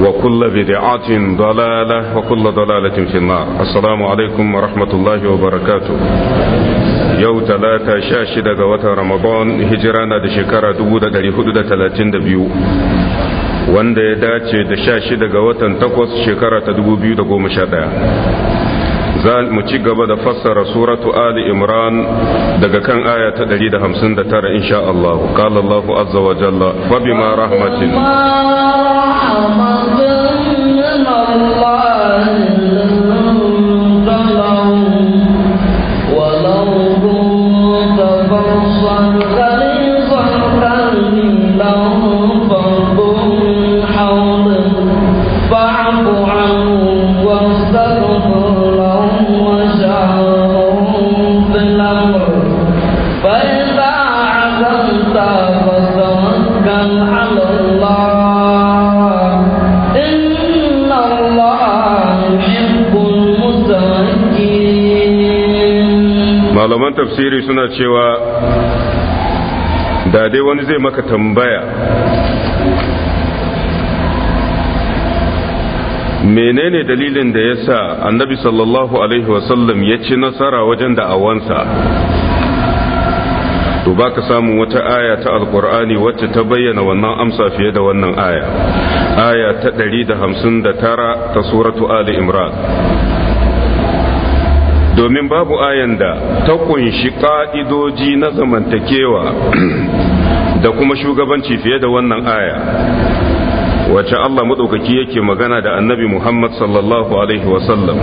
وكل بدعة ضلالة وكل ضلالة في النار السلام عليكم ورحمة الله وبركاته yau talata sha shida ga watan ramadan hijira na da shekara 432 wanda ya dace da sha shida ga watan takwas shekara ta 2011 za mu ci gaba da fassara suratu ali imran daga kan aya ta 159 insha Allah qala Allahu azza wa jalla fa bima rahmatin رمضان الله tafsiri suna cewa da dai wani zai maka tambaya menene dalilin da ya sa annabi sallallahu alaihi wasallam ya ci nasara wajen da'awansa to ba ka samun wata aya ta alkur'ani wacce ta bayyana wannan amsa fiye da wannan aya aya ta 159 ta suratu ali imran domin babu ayan da ta kunshi ka'idoji na zamantakewa da kuma shugabanci fiye da wannan aya wace Allah maɗaukaki yake magana da annabi Muhammad sallallahu Alaihi wasallam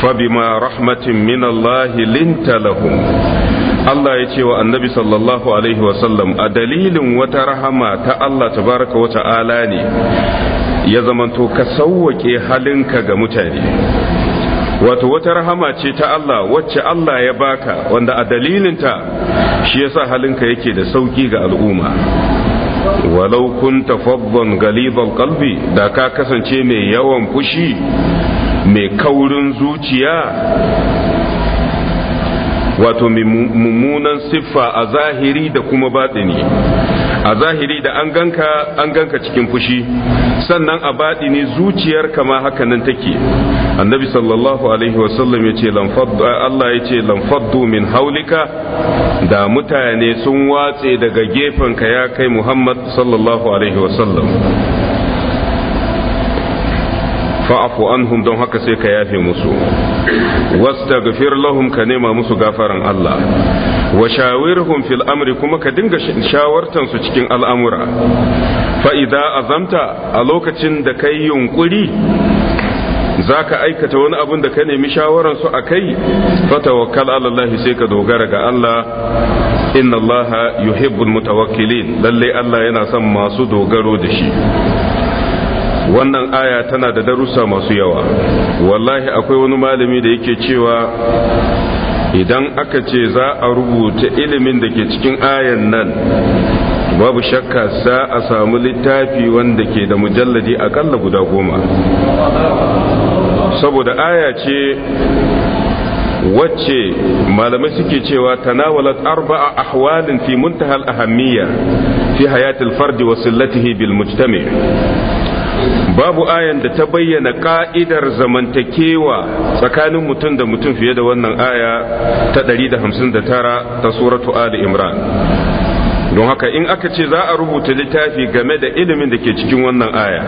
fabima rahmatin min Allah linta lahum Allah ya ce wa annabi sallallahu Alaihi sallam, a dalilin wata rahama ta Allah tabaraka wa ta'ala ne ya zamanto ka sauwaƙe halinka ga mutane wato wata rahama ce ta Allah wacce Allah ya baka wanda a dalilinta shi yasa halinka yake da sauki ga al'umma walau kunta faddan galibal da ka kasance mai yawan fushi mai kaurin zuciya wato mummunan siffa a zahiri da kuma batini a zahiri da an ganka an ganka cikin fushi sannan a batini zuciyar kama haka nan take annabi sallallahu alaihi wasallam ya ce eh, Allah ya ce lamfaddu min haulika da mutane sun watse daga gefenka ya kai muhammad sallallahu alaihi wasallam fa'afu anhum don haka sai ka yafe musu wasta gafir lahum ka nema musu gafaran Allah wa shawirhum fil amri kuma ka dinga shawartan su cikin al'amura fa idza azamta a lokacin da kai yunkuri za ka aikata wani abin da ka nemi shawararsu a kai fatawakkal allah sai ka dogara ga Allah inna Allah yuhibbul mutawakkilin lalle Allah yana son masu dogaro da shi wannan aya tana da darussa masu yawa wallahi akwai wani malami da yake cewa idan aka ce za a rubuta ilimin da ke cikin ayan nan babu shakka za a samu littafi wanda ke da mujalladi akalla guda goma saboda aya ce wacce malamai suke cewa tanawalat arba'a ahwalin fi muntahal ahammiya fi hayatil fardi wa sillatihi bil babu ayan da ta bayyana ka'idar zamantakewa tsakanin mutum da mutum fiye da wannan aya ta 159 ta suratu ali imran don haka in aka ce za a rubuta littafi game da ilimin da ke cikin wannan aya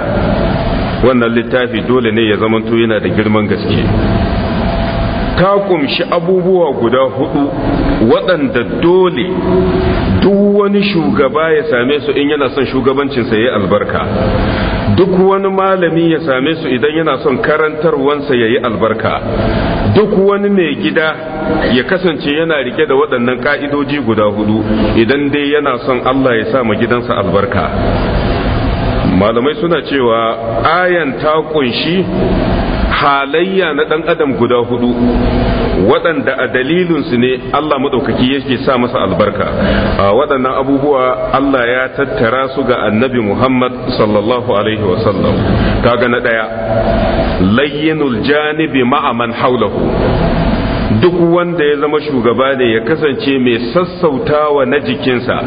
wannan littafi dole ne ya zamanto yana da girman gaske ta kumshi abubuwa guda hudu waɗanda dole duk wani shugaba ya same su in yana son shugabancinsa ya albarka duk wani malami ya same su idan yana son karantarwansa ya yi albarka duk wani mai gida ya kasance yana rike da waɗannan ka'idoji guda hudu idan dai yana son allah ya sa ma gidansa albarka malamai suna cewa ayan ta kunshi halayya na ɗan adam guda hudu waɗanda a dalilinsu ne Allah maɗaukaki yake sa masa albarka a waɗannan abubuwa Allah ya tattara su ga annabi Muhammad sallallahu alaihi wasallam kaga na ɗaya layyinul janibi ma'aman haulahu duk wanda ya zama shugaba ne ya kasance mai sassautawa na jikinsa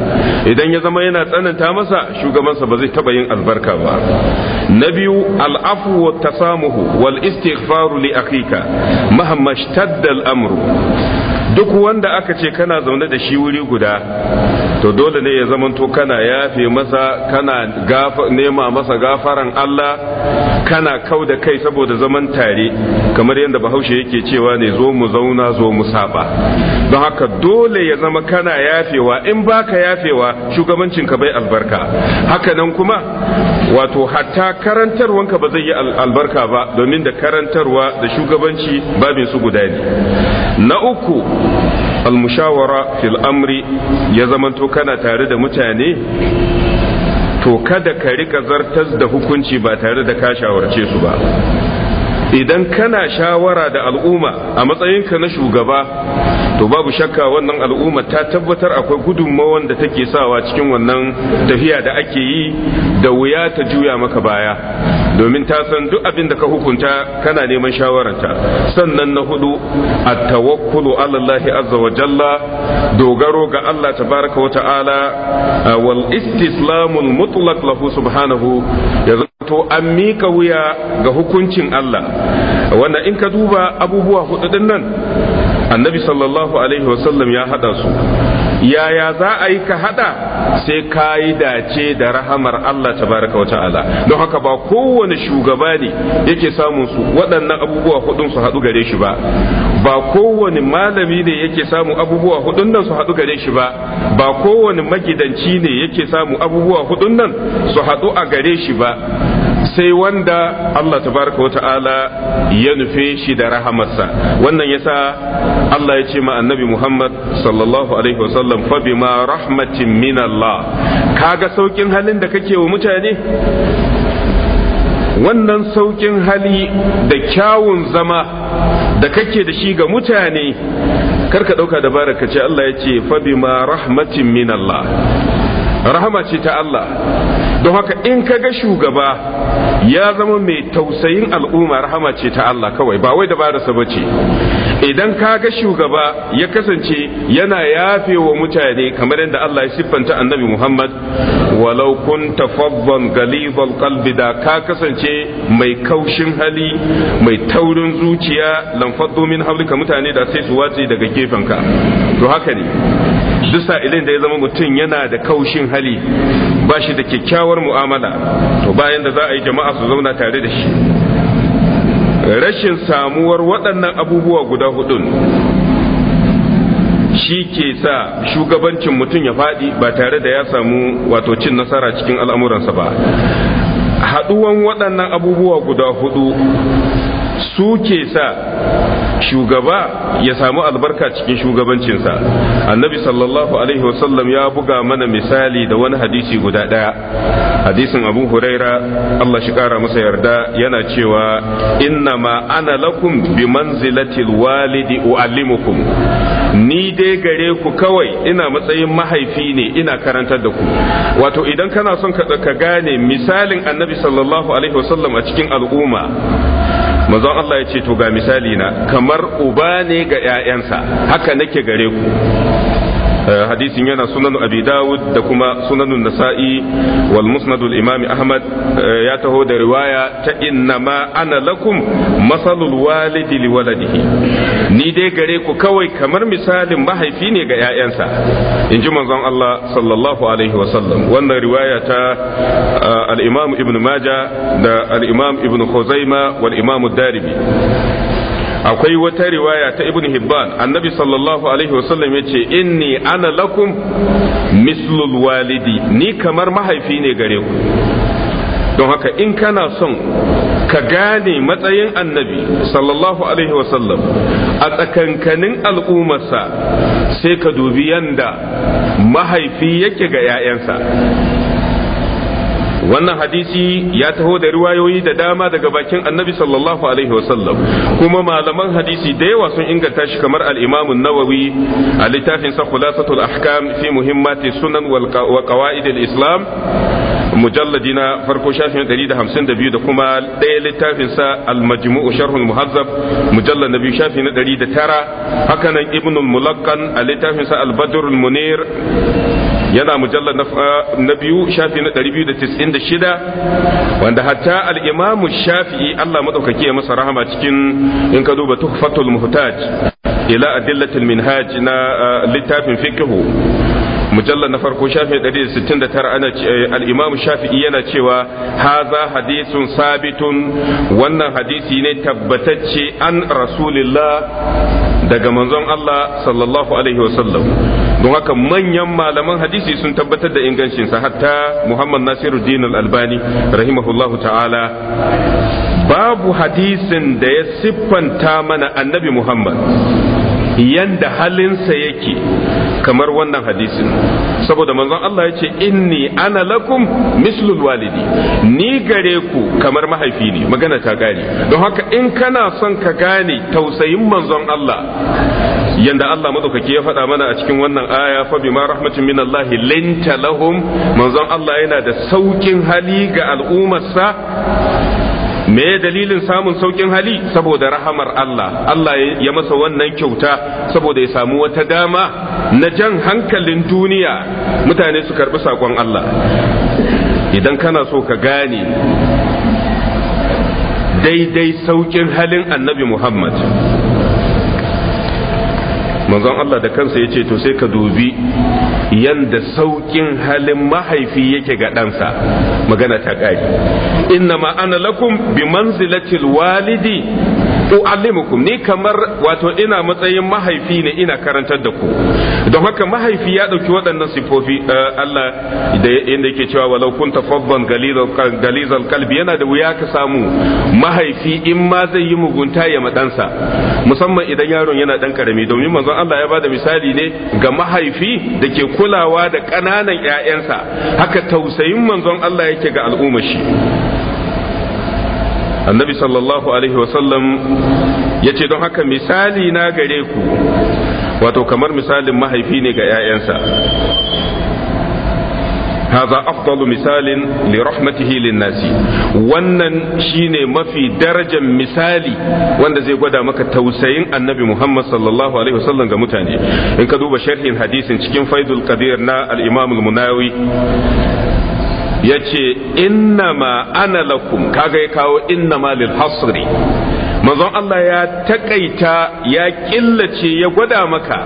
idan ya zama yana tsananta masa shugabansa ba zai taba yin albarka ba na biyu al'afu wa tasamuhu wal istighfaru li akhika mahamma shaddal amru duk wanda aka ce kana zaune da shi wuri guda to dole ne ya zamanto kana yafe masa kana nema masa gafaran Allah kana kau da kai saboda zaman tare kamar yadda bahaushe yake cewa ne zo mu zauna zo mu saba don haka dole ya zama kana yafewa in baka yafewa shugabancinka bai albarka haka nan kuma wato hatta karantarwanka ba zai yi albarka ba domin da karantarwa da shugabanci babin su guda ne na uku almushawara fil amri ya zamanto kana tare da mutane to kada ka rika zartas da hukunci ba tare da ka shawarce su ba idan kana shawara da al'umma a matsayinka na shugaba to babu shakka wannan al'umma ta tabbatar akwai gudunmawar da take sawa cikin wannan tafiya da ake yi da wuya ta juya maka baya domin ta san duk abin da ka hukunta kana neman shawararta sannan na hudu a tawakkulu allahi azza wa jalla dogaro ga Allah tabaraka wa ta'ala wal istislamul mutlaq lahu subhanahu ya to an mika wuya ga hukuncin Allah wanda in ka duba abubuwa hudu nan annabi sallallahu alaihi wasallam ya hada su yaya za a yi ka hada sai ka yi dace da rahamar Allah baraka wa ta'ala don haka ba kowane shugaba ne yake samun su waɗannan abubuwa hudun su haɗu gare shi ba ba kowane malami ne yake samun abubuwa hudun nan su haɗu gare shi ba ba kowane magidanci ne yake samu abubuwa hudun nan su haɗu a gare shi ba sai wanda Allah Ta Baraka wa ta'ala ya nufe shi da rahamarsa wannan yasa Allah ya ce ma annabi Muhammad sallallahu alaihi wasallam fa bima rahmatin min Allah kaga saukin halin da kake wa mutane wannan saukin hali da kyawun zama da kake da shi ga mutane karka ɗauka da barakace, ce Allah ya ce fabi ma rahmatin min Allah rahama ce ta Allah don haka in ka ga shugaba ya zama mai tausayin al'umma rahama ce ta Allah kawai ba wai da ba ce idan ka ga shugaba ya kasance yana yafe wa mutane kamar yadda Allah ya siffanta annabi Muhammad walau kunta faddan galibal qalbi da ka kasance mai kaushin hali mai taurin zuciya lamfaddo min mutane da sai su watse daga gefenka to haka ne duk idan da ya zama mutum yana da kaushin hali ba shi da kyakkyawar mu'amala to bayan da za a yi jama'a su zauna tare da shi rashin samuwar waɗannan abubuwa guda hudun shi ke sa shugabancin mutum ya faɗi ba tare da ya samu wato cin nasara cikin al'amuransa ba haɗuwan waɗannan abubuwa guda hudu su ke sa shugaba ya samu albarka cikin shugabancinsa annabi sallallahu alaihi wasallam ya buga mana misali da wani hadisi guda daya hadisin abu huraira allah shi kara masa yarda yana cewa inna ma ana lakum bi manzilatil walidi u'allimukum ni dai gare ku kawai ina matsayin mahaifi ne ina karantar da ku wato idan kana son ka gane misalin annabi sallallahu alaihi wasallam a cikin al'umma manzon Allah ya ce to ga misali na kamar uba ne ga 'ya'yansa haka nake gare ku Eh, hadisin yana sunan abi dawud da kuma sunanun nasa'i wal musnadul imami ahmad eh, ya taho da riwaya ta inna ma ana lakum masalul walidi li waladihi ni dai gare ku kawai kamar misalin mahaifi ne ga 'ya'yansa in ji manzon Allah sallallahu alaihi wasallam wannan riwaya ta eh, al'imam imam ibn maja da al-imam ibn khuzaima wal imam darimi akwai wata riwaya ta ibn hibban annabi sallallahu alaihi wasallam ya ce inni ana lakum mislul walidi ni kamar mahaifi ne gare ku don haka in kana son ka gane matsayin annabi sallallahu alaihi wasallam a tsakankanin al'ummarsa sai ka dubi yanda mahaifi yake ga 'ya'yansa wannan hadisi ya taho da riwayoyi da dama daga bakin annabi sallallahu alaihi wasallam kuma malaman hadisi da yawa sun inganta shi kamar al nawawi a littafin sa khulasatul ahkam fi muhimmati sunan wa qawaid al-islam mujalladi na farko shafin 152 da kuma ɗaya littafin sa al-majmu'u sharhul muhazzab mujallad nabi shafi na 109 haka nan mulaqqan a littafin sa al-badr munir yana mujallar na biyu shafi na biyu da shida wanda hatta al'imamu shafi'i Allah maɗaukaki ya masa rahama cikin in ka duba tuhfatul muhtaj ila adillatul minhaj na eh, littafin fikihu mujallar na farko shafi 169 ana eh, al'imamu shafi'i yana cewa haza hadisun sabitun wannan hadisi ne tabbatacce an rasulillah daga manzon Allah sallallahu alaihi wasallam don haka manyan malaman hadisi sun tabbatar da ingancinsa hatta muhammad nasiruddin al-albani rahimahullahu ta'ala babu hadisin da ya siffanta mana annabi muhammad yanda halinsa yake kamar wannan hadisin saboda manzon Allah ya ce inni ana lakum mislul walidi ni gare ku kamar mahaifi ne magana ta gane don haka in kana son ka gane tausayin manzon Allah yanda Allah madaukake ya faɗa mana a cikin wannan aya fa bima rahmatin min Allah linta lahum manzon Allah yana da saukin hali ga al'ummarsa me dalilin samun saukin hali saboda rahamar Allah Allah ya masa wannan kyauta saboda ya samu wata dama na jan hankalin duniya mutane su karbi sakon Allah idan kana so ka gane daidai saukin halin annabi Muhammad manzon Allah da kansa ya ce to sai ka dubi yanda saukin halin mahaifi yake ga ɗansa magana ta ƙari inna ma ana lakum bi manzilatil walidi u'allimukum ni kamar wato ina matsayin mahaifi ne ina karantar da ku don haka mahaifi ya ɗauki waɗannan sifofi eh, Allah da yanda yake cewa walau kun tafabban galizal kalbi yana da wuya ka samu mahaifi in ma zai yi mugunta ya madansa musamman idan yaron yana dan karami domin manzon Allah ya bada misali ne ga mahaifi da ke kulawa da ƙananan 'ya'yansa haka tausayin manzon Allah yake ga al'umma shi annabi sallallahu alaihi wasallam ya ce don haka misali na gare ku wato kamar misalin mahaifi ne ga 'ya'yansa haza afdalu misalin li rahmatihi linnasi wannan shine mafi darajar misali wanda zai gwada maka tausayin annabi Muhammad sallallahu alaihi wasallam ga mutane in ka duba sharhin hadisin cikin faidul qadir na al-imam al-munawi yace innama ana lakum kaga ya kawo innama lil hasri manzon Allah ya takaita ya killace ya gwada maka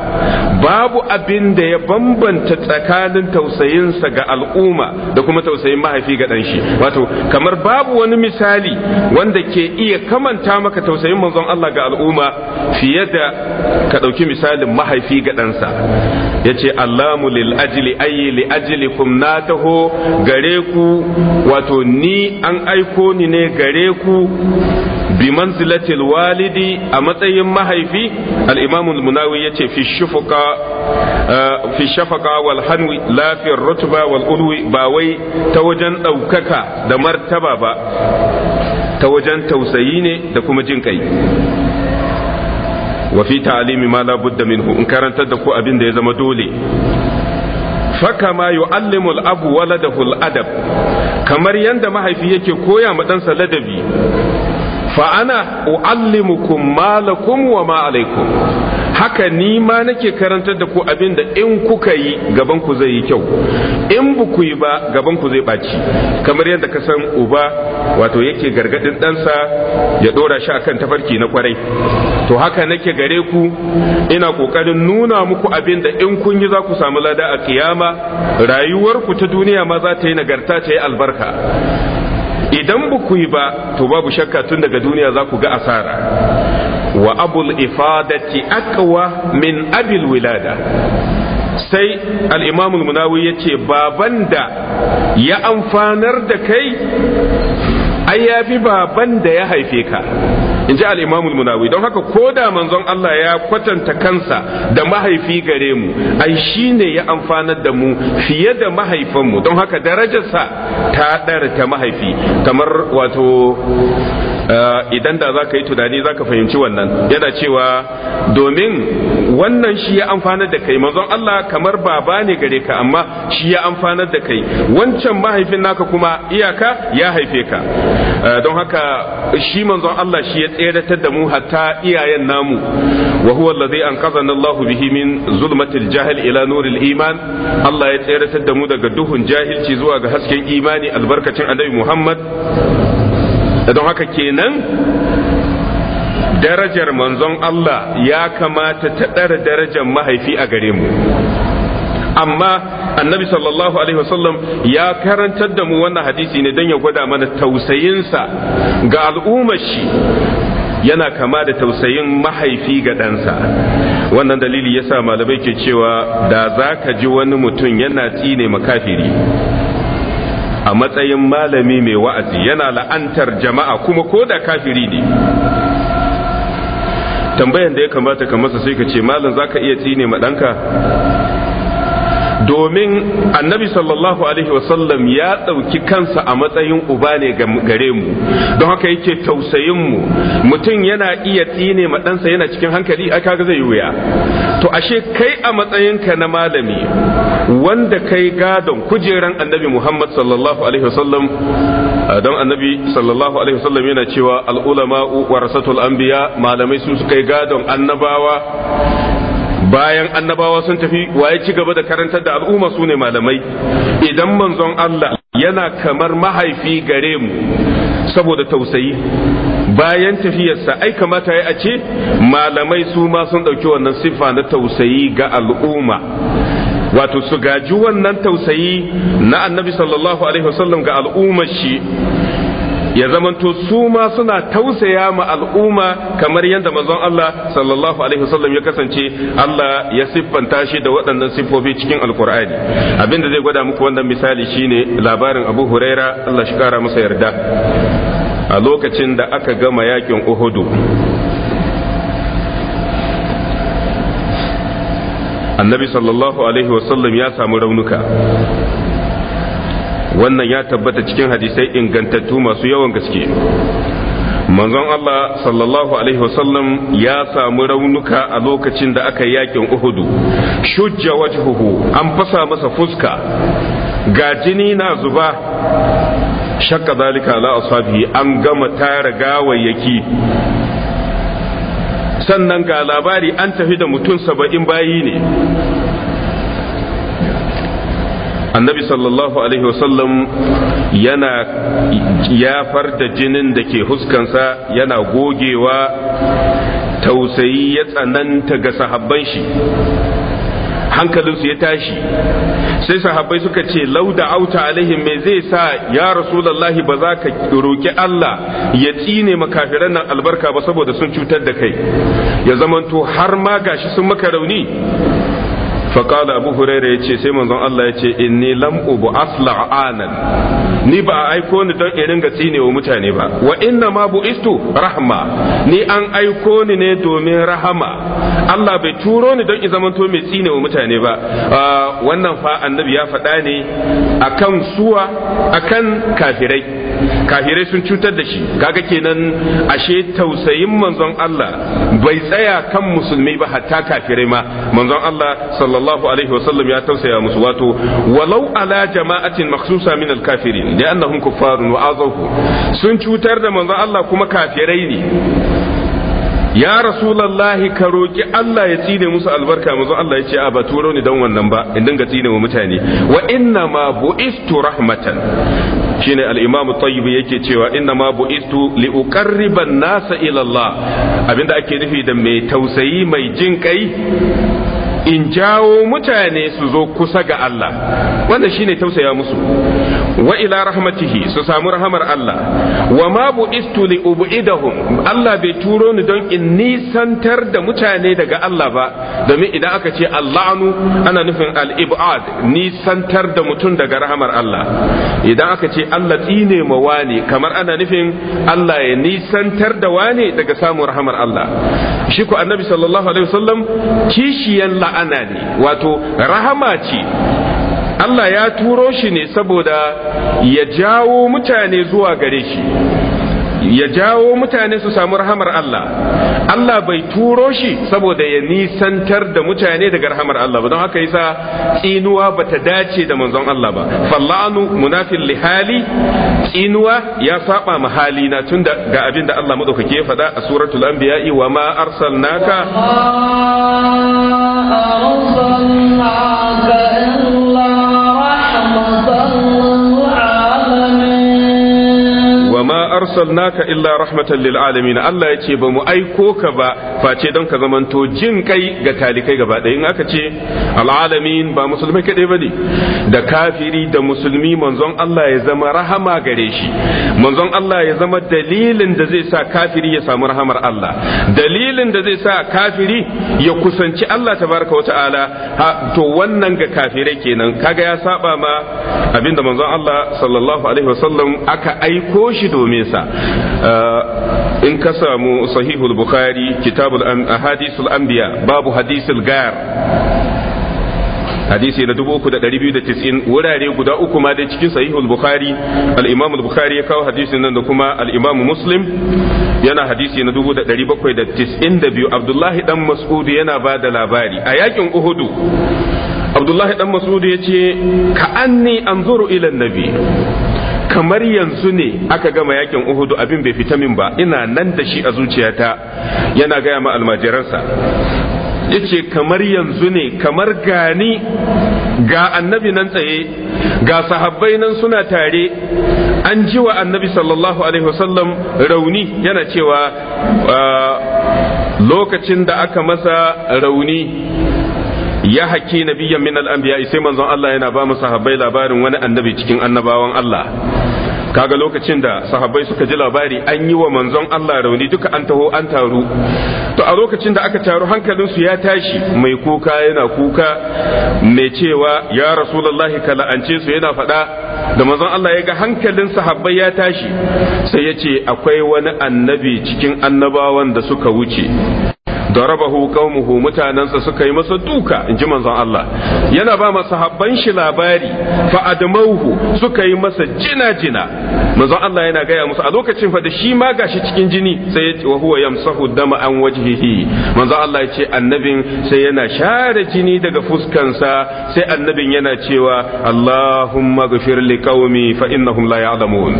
babu abin da ya bambanta tsakanin tausayinsa ga al'umma da kuma tausayin mahaifi ga shi wato kamar babu wani misali wanda ke iya kamanta maka tausayin manzon Allah ga al'umma fiye da ka ɗauki misalin mahaifi ga ɗansa ya ce allamu lil ajili ayi li ajili na taho gare ku wato ni an aiko ni ne gare ku bi manzilat manzilatil walidi a matsayin mahaifi al-imam munawi yace fi shufuqa eh, fi shafaqa wal hanwi lafiyar fi wal ulwi ba wai ta wajen ɗaukaka da martaba ba ta wajen tausayi ne da kuma jin kai wa fi ta'limi ma la minhu in karantar da ku abin da ya zama dole fakama yu'allimu al-abu waladahu al-adab kamar yanda mahaifi yake koya ma ɗansa ladabi fa'ana ana uallimukum malakum wa ma alaikum haka ni ma nake karantar da ku abinda da in kuka yi gaban zai yi kyau in ba ku yi ba gabanku zai baci kamar yadda ka san uba wato yake gargadin ɗansa ya ɗora shi akan tafarki na kwarai to haka nake gare ku ina ƙoƙarin nuna muku abin da in kun yi za ku samu lada a kiyama rayuwarku ta duniya ma za ta yi nagarta ta yi albarka idan ba ku yi ba to babu shakka tun daga duniya za ku ga asara wa abul ifadati aqwa min abil wilada sai al'imamul munawi ya ce baban da ya amfanar da kai ai ya fi baban da ya haife ka in ji al'imamul munawi don haka ko da manzon Allah ya kwatanta kansa da mahaifi gare mu ai shi ne ya amfanar da mu fiye da mahaifinmu don haka darajarsa ta ɗara ta mahaifi kamar wato Eh, idan da za ka yi tunani za ka fahimci wannan yana cewa domin wannan shi ya amfanar da kai manzon Allah kamar baba ne gare ka amma shi ya amfanar da kai wancan mahaifin naka kuma iyaka ya haife ka eh, don haka shi manzon Allah shi ya tseratar da mu hatta iyayen namu wa huwa allazi anqadhana Allah bihi min zulmatil jahil ila nuril iman Allah ya tseratar da mu daga duhun jahilci zuwa ga hasken imani albarkacin annabi Muhammad don haka kenan darajar manzon Allah ya kamata ta ɗara darajar mahaifi a gare mu amma annabi sallallahu alaihi wasallam ya karantar da mu wannan hadisi ne don ya gwada mana tausayinsa ga al'ummar shi yana kama da tausayin mahaifi ga ɗansa wannan dalili yasa malamai ke cewa da za ka ji wani mutum yana tsine makafiri a matsayin malami mai wa'azi yana la'antar jama'a kuma ko da kafiri ne tambayan da ya kamata ka masa sai ka ce malam ka iya tsine ma ɗanka domin annabi sallallahu alaihi wasallam ya ɗauki kansa a matsayin uba ne gare mu don haka yake tausayin mu mutum yana iya tsine ma ɗansa yana cikin hankali aka kaga zai wuya to ashe kai a matsayinka na malami wanda kai gadon kujeran annabi muhammad sallallahu alaihi wasallam don annabi sallallahu alaihi wasallam yana cewa al'ulama warasatul anbiya malamai su kai gadon annabawa bayan annabawa sun tafi waye ci gaba da karantar da al'umma su ne malamai idan manzon Allah yana kamar mahaifi gare mu saboda tausayi bayan tafiyarsa ai kamata ya a ce malamai su ma sun ɗauki wannan siffa na tausayi ga al'umma wato su gaji wannan tausayi na annabi sallallahu alaihi wasallam ga al'ummar shi ya zamanto su ma suna tausaya ma al'umma kamar yadda manzon Allah sallallahu alaihi wasallam ya kasance Allah ya siffanta shi da waɗannan siffofi cikin alkur'ani abinda zai gwada muku wannan misali shine labarin Abu Huraira Allah shi kara masa yarda a lokacin da aka gama yakin Uhudu annabi sallallahu alaihi wasallam ya samu raunuka wannan ya tabbata cikin hadisai ingantattu masu yawan gaske manzon Allah sallallahu alaihi wasallam ya samu raunuka a lokacin da aka yakin Uhudu shujja wajhuhu an fasa masa fuska ga jini na zuba shakka zalika ala an gama tara gawayyaki sannan ga labari an tafi da mutum saba'in bayi ne annabi sallallahu alaihi wasallam yana ya da jinin da ke huskansa yana gogewa tausayi ya tsananta ga sahabban shi hankalinsu ya tashi sai sahabbai suka ce lauda auta alaihim mai zai sa ya rasulallahi ba za ka roƙi Allah ya tsine makafiran nan albarka ba saboda sun cutar da kai ya zamanto har ma gashi sun maka rauni faƙala abu huraira yace sai manzon Allah yace inni lam ubu asla anan ni ba a aiko ni don irin ringa tsine wa mutane ba wa inna ma bu'istu rahma ni an aiko ni ne domin rahama Allah bai turo ni don in zamanto mai tsine mutane ba ah, wannan fa annabi ya faɗa ne akan suwa akan kafirai kafirai sun cutar da shi kaga kenan ashe tausayin manzon Allah bai tsaya kan musulmi ba hatta kafirai ma manzon Allah sallallahu sallallahu alaihi wasallam ya tausaya musu wato walau ala jama'atin makhsusa min al-kafirin da annahum kuffarun wa azahu sun cutar da manzo Allah kuma kafirai ne ya rasulallahi ka roƙi Allah ya tsine musu albarka manzo Allah ya ce a ba turo ni dan wannan ba in dinga tsine wa mutane wa inna ma bu'istu rahmatan shine al-imam at-tayyib yake cewa inna ma bu'istu li uqarriba an-nasa ila Allah abinda ake nufi da mai tausayi mai jin kai in jawo mutane su zo kusa ga Allah wannan shine tausaya musu wa ila rahmatihi su samu rahamar Allah wa ma bu'istu li ubidahum Allah bai turo ni don in nisantar da mutane daga Allah ba domin idan aka ce Allahnu ana nufin al-ibad nisantar da mutum daga rahamar Allah idan aka ce Allah tsine ma wani kamar ana nufin Allah ya nisantar da wani daga samun rahamar Allah shi ku annabi sallallahu alaihi wasallam kishiyan la ma'ana ne wato rahama ce Allah ya turo shi ne saboda ya jawo mutane zuwa gare shi ya jawo mutane su samu rahamar Allah Allah bai turo shi saboda ya nisantar da mutane daga rahamar Allah ba don haka yasa tsinuwa bata dace da manzon Allah ba fallanu munafil lihali tsinuwa ya saba ma hali na tunda ga abin da Allah madaukake ya faɗa a suratul anbiya wa ma arsalnaka arsalnaka arsalnaka illa rahmatan lil alamin Allah ya ce ba mu aiko ka ba face don ka zamanto jin kai ga talikai gaba ɗaya in aka ce al alamin ba musulmai kaɗai bane da kafiri da musulmi manzon Allah ya zama rahama gare shi manzon Allah ya zama dalilin da zai sa kafiri ya samu rahamar Allah dalilin da zai sa kafiri ya kusanci Allah tabaraka wata'ala to wannan ga kafirai kenan kaga ya saba ma abinda manzon Allah sallallahu alaihi wasallam aka aiko shi domin sa uh, in ka samu sahihul bukhari kitabul hadisul anbiya babu hadisul gar hadisi na 3290 wurare guda uku ma dai cikin sahihul bukhari al-imam bukhari ya kawo hadisin nan da kuma al-imam muslim yana hadisi na 1792 abdullahi dan mas'ud yana ba da labari a yakin uhudu abdullahi dan mas'ud ya ce ka anni anzuru ila nabi kamar yanzu ne aka gama yakin uhudu abin bai fita min ba ina nan da shi a zuciyata yana gaya ma almajiransa yace kamar yanzu ne kamar gani ga annabi nan tsaye ga sahabbai nan suna tare an ji wa annabi sallallahu alaihi wasallam rauni yana cewa ah, lokacin da aka masa rauni ya haki nabiyyan min al-anbiya sai manzon Allah yana ba mu sahabbai labarin wani annabi cikin annabawan Allah kaga lokacin da sahabbai suka ji labari an yi wa manzon Allah rauni duka an taho an taru to a lokacin da aka taru hankalinsu ya tashi mai kuka yana kuka mai cewa ya rasulullahi ka la'ance su yana faɗa da manzon Allah ya ga hankalin sahabbai ya tashi sai ya ce akwai wani annabi cikin annabawan da suka wuce darabahu qaumuhu mutanansa suka yi masa duka in ji manzon Allah yana ba masa habban shi labari fa admauhu suka yi masa jina jina manzon Allah yana gaya musu a lokacin fa da shi ma gashi cikin jini sai ya wa huwa yamsahu dama an wajhihi manzon Allah ya ce annabin sai yana share jini daga fuskansa sai annabin yana cewa Allahumma ghafir li qaumi fa innahum la ya'lamun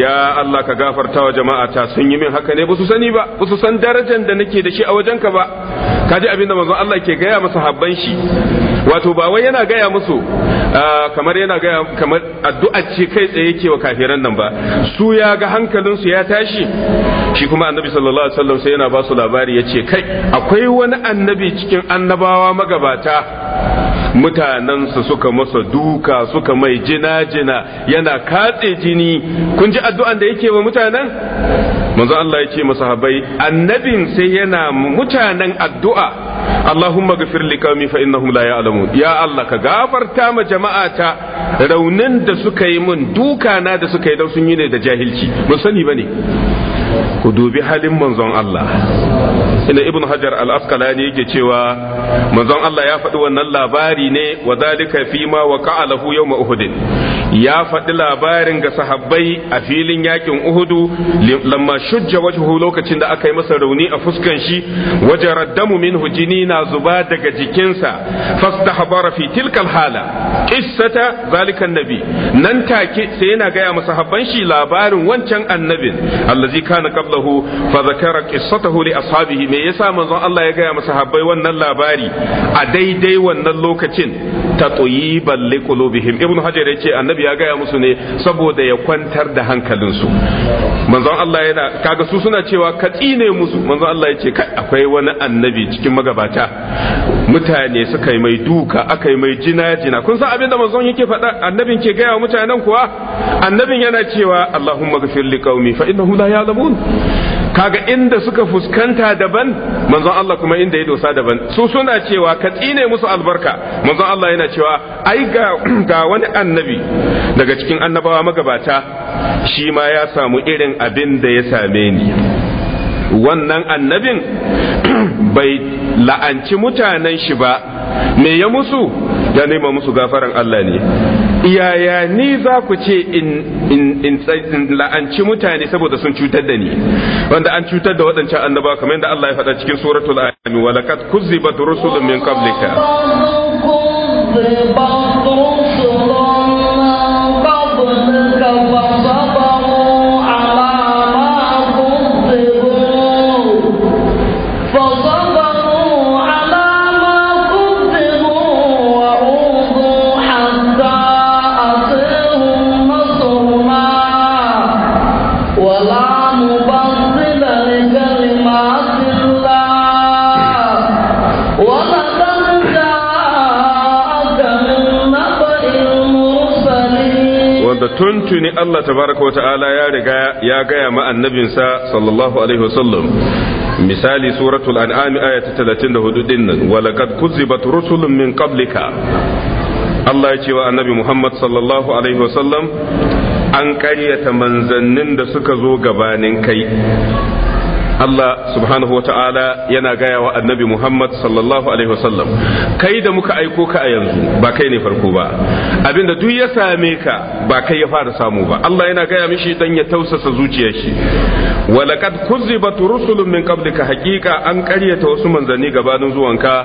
ya Allah ka gafarta wa jama'a ta sun yi min haka ne ba su sani ba ba su san darajar da nake da shi a wajen wajenka ba ji abin da manzon Allah ke gaya masa habban shi wato ba wai yana gaya musu ah, kamar yana gaya kamar addu'a ce kai tsaye yake wa kafiran nan ba su ya ga hankalin su ya tashi shi kuma annabi sallallahu alaihi wasallam sai yana ba su labari yace kai akwai wani annabi cikin annabawa magabata mutanensa suka masa duka suka mai jina-jina yana katse jini kun ji addu'an da yake wa mutanen manzo Allah ya ce masahabai annabin sai yana mutanen addu'a Allahumma gafir liqaumi fa innahum la ya'lamun ya Allah ka gafarta ma jama'ata raunin da suka yi mun duka na da suka yi dan sun yi ne da jahilci mun sani bane ku dubi halin manzon Allah ina ibn hajar al-asqalani yake cewa manzon Allah ya faɗi wannan labari ne wa zalika fi ma wa ka'alahu yawma uhud ya faɗi labarin ga sahabbai a filin yakin uhudu lamma shujja wajhu lokacin da aka yi masa rauni a fuskan shi wajen raddamu minhu jini na zuba daga jikinsa fastahbara fi tilkal hala qissata zalikan Nabi, nan take sai yana gaya masa habban shi labarin wancan annabin allazi kana qablahu fa zakara qissatahu li ashabihi me yasa manzon Allah ya gaya masa habbai wannan labari a daidai wannan lokacin ta tsoyi balle qulubihim ibnu hajar yace annabi annabi ya gaya musu ne saboda ya kwantar da hankalinsu manzon Allah yana kaga su suna cewa ka tsine musu manzon Allah ya ce akwai wani annabi cikin magabata mutane suka yi mai duka aka yi mai jina jina kun san abin da manzon yake faɗa annabin ke gaya mutanen kuwa annabin yana cewa Allahumma ghfir qaumi fa innahum la ya'lamun kaga inda suka fuskanta daban manzon Allah kuma inda ya dosa daban su suna cewa ka tsine musu albarka manzon Allah yana cewa ai ga ga wani annabi daga cikin annabawa magabata shi ma ya samu irin abin da ya same ni wannan annabin bai la'anci mutanen shi ba me ya musu ya nema musu gafaran Allah ne iyaya ni za ku ce in la'anci mutane saboda sun cutar da ni wanda an cutar da waɗancan annaba kamar yadda Allah ya faɗa cikin suratul anami wa laqad kuzzibat rusulun min qablika tuntuni Allah tabaraka wa ta'ala ya riga ya gaya ma annabinsa sallallahu alaihi wasallam misali suratul an'am ayat 34 din nan walaqad kuzibat rusulun min qablika Allah ya ce wa annabi Muhammad sallallahu alaihi wasallam an karyata manzannin da suka zo gabanin kai Allah subhanahu wa ta'ala yana gaya wa annabi Muhammad sallallahu alaihi wasallam kai da muka aiko ka a yanzu ba kai ne farko ba abinda duk ya same ka ba kai ya fara samu ba Allah yana gaya mishi dan ya tausasa zuciyar shi wa laqad kuzibat rusulun min qablika haqiqa an qaryata wasu manzanni gabanin zuwanka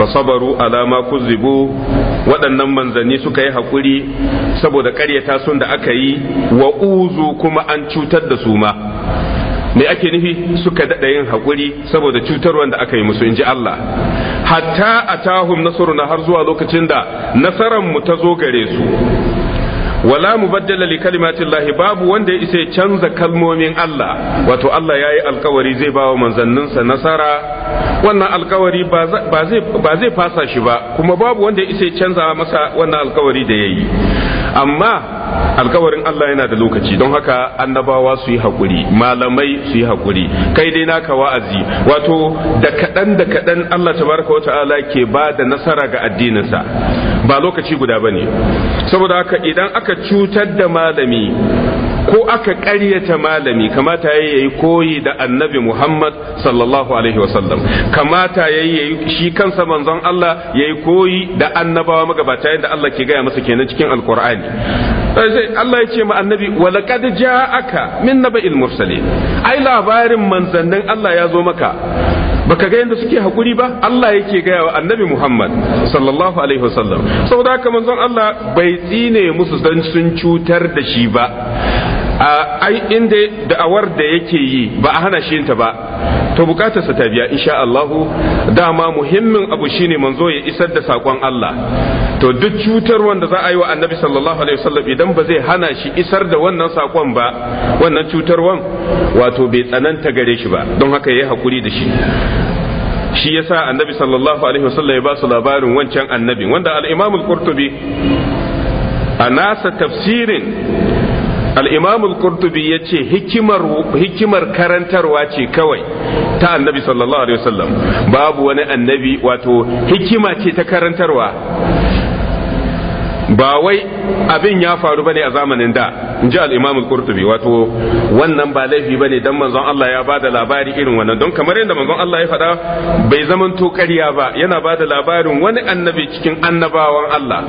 fa sabaru ala ma kuzibu waɗannan manzanni suka yi hakuri saboda qaryata sun da aka yi wa uzu kuma an cutar da su ma me ake nufi suka daɗa yin hakuri saboda cutarwar da aka yi musu in ji Allah hatta a tahun na har zuwa lokacin da mu ta zo gare su wala mu mubaddala li lahi, babu wanda ya isa ya canza kalmomin Allah wato Allah ya yi alkawari zai ba wa manzanninsa nasara wannan alkawari ba zai fasa shi ba kuma babu wanda ya isa ya canza masa wannan alkawari da ya yi amma alkawarin Allah yana da lokaci don haka annabawa su yi hakuri malamai su yi hakuri kai dai naka wa'azi wato da kaɗan da kaɗan Allah tabaraka wa ta'ala ke ba da nasara ga addininsa ba lokaci guda bane saboda haka idan aka cutar da malami ko aka ƙaryata malami kamata ya yi koyi da annabi Muhammad sallallahu alaihi wasallam kamata ya yi shi kansa manzon Allah ya yi koyi da annabawa magabata yadda Allah ke gaya masa kenan cikin alkur'ani Allah ya ce ma annabi ja aka min naba'il mursalin ai labarin manzannin Allah ya zo maka baka ga yadda suke hakuri ba Allah yake gaya wa annabi Muhammad sallallahu alaihi wasallam saboda haka manzon Allah bai tsine musu dan sun cutar da shi ba ai inda da'awar da yake yi ba a hana shi ta ba to sa ta biya insha Allahu dama muhimmin abu shine manzo ya isar da sakon Allah to duk cutar wanda za a yi wa annabi sallallahu alaihi wasallam idan ba zai hana shi isar da wannan sakon ba wannan cutarwan wato bai tsananta gare shi ba don haka yayi hakuri da shi shi yasa annabi sallallahu alaihi wasallam ya ba su labarin wancan annabi wanda al-imam al-qurtubi a nasa tafsirin al-imam al-qurtubi yace hikimar hikimar karantarwa ce kawai ta annabi sallallahu alaihi wasallam babu wani annabi wato hikima ce ta karantarwa ba wai abin ya faru bane a zamanin da in ji al-imam al-qurtubi wato wannan ba laifi bane dan manzon Allah ya bada labari irin wannan don kamar yadda manzon Allah ya faɗa bai zaman to ƙarya ba yana bada labarin wani annabi cikin annabawan Allah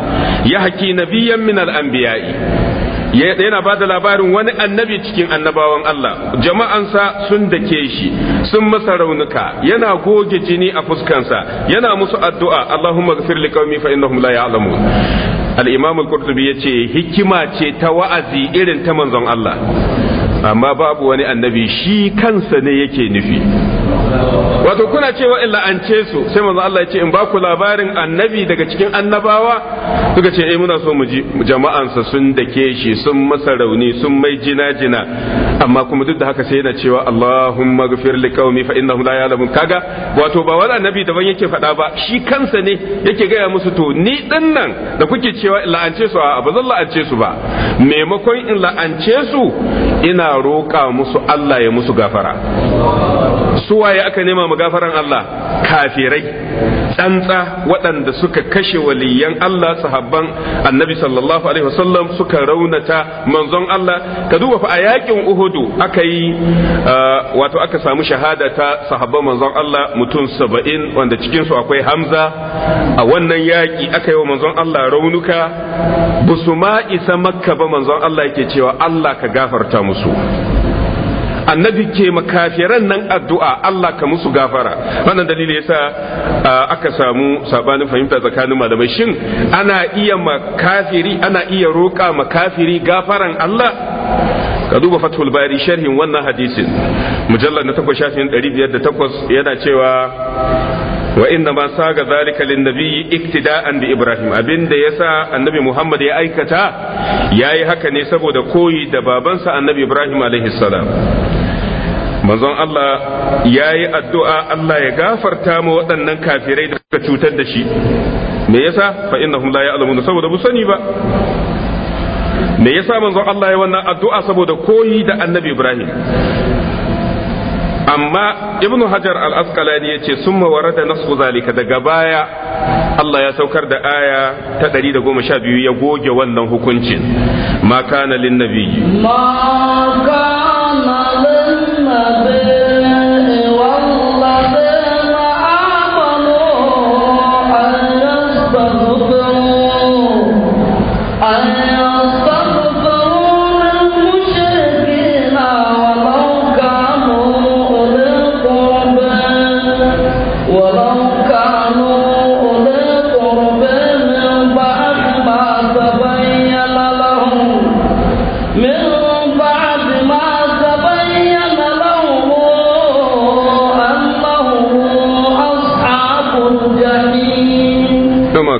ya haki nabiyyan min al-anbiya'i yana ba da labarin wani annabi cikin annabawan Allah jama'ansa sun dake shi sun masa raunuka yana goge jini a fuskansa yana musu addu'a Allahumma magafir li qaumi fa innahum la ya'lamun al-imam al-qurtubi yace hikima ce ta wa'azi irin ta manzon Allah amma babu wani annabi shi kansa ne yake nufi wato kuna cewa in la'ance su sai manzo Allah ya ce in ba ku labarin annabi daga cikin annabawa suka ce eh muna so mu ji jama'ansa sun dake shi sun masa rauni sun mai jina jina amma kuma duk da haka sai yana cewa Allahumma ghfir li qaumi fa innahum la ya'lamun kaga wato ba wani annabi daban yake faɗa ba shi kansa ne yake gaya musu to ni din nan da kuke cewa in la'ance su a ba zan la'ance su ba maimakon in la'ance su ina roƙa musu Allah ya musu gafara suwaye aka nema mu gafaran Allah kafirai tsantsa waɗanda suka kashe waliyan Allah sahabban annabi sallallahu alaihi wasallam suka raunata manzon Allah ka duba fa a yakin Uhudu aka yi uh, wato aka samu shahada ta sahabban manzon Allah mutum saba'in wanda cikin su akwai Hamza a wannan yaki aka yi wa manzon Allah raunuka ba su ma isa makka ba manzon Allah yake cewa Allah ka gafarta musu annabi ke makafiran nan addu'a Allah ka musu gafara wannan dalili yasa aka samu sabanin fahimta tsakanin malamai shin ana iya makafiri ana iya roƙa makafiri gafaran Allah ka duba fathul bari sharhin wannan hadisin mujallar na takwas shafin 508 yana cewa wa inna ma saga zalika lin nabiyyi iktida'an bi ibrahim abinda yasa annabi muhammad ya aikata yayi haka ne saboda koyi da babansa annabi ibrahim alaihi salam manzon Allah yayi addu'a Allah ya gafarta mu waɗannan kafirai da suka cutar da shi me yasa fa innahum la ya'lamun saboda bu sani ba me yasa manzon Allah ya wannan addu'a saboda koyi da annabi ibrahim amma ibnu hajar al-asqalani yace summa warada nasu zalika daga baya Allah ya saukar da aya ta 112 ya goge wannan hukuncin ma kana lin nabiyyi ma kana lin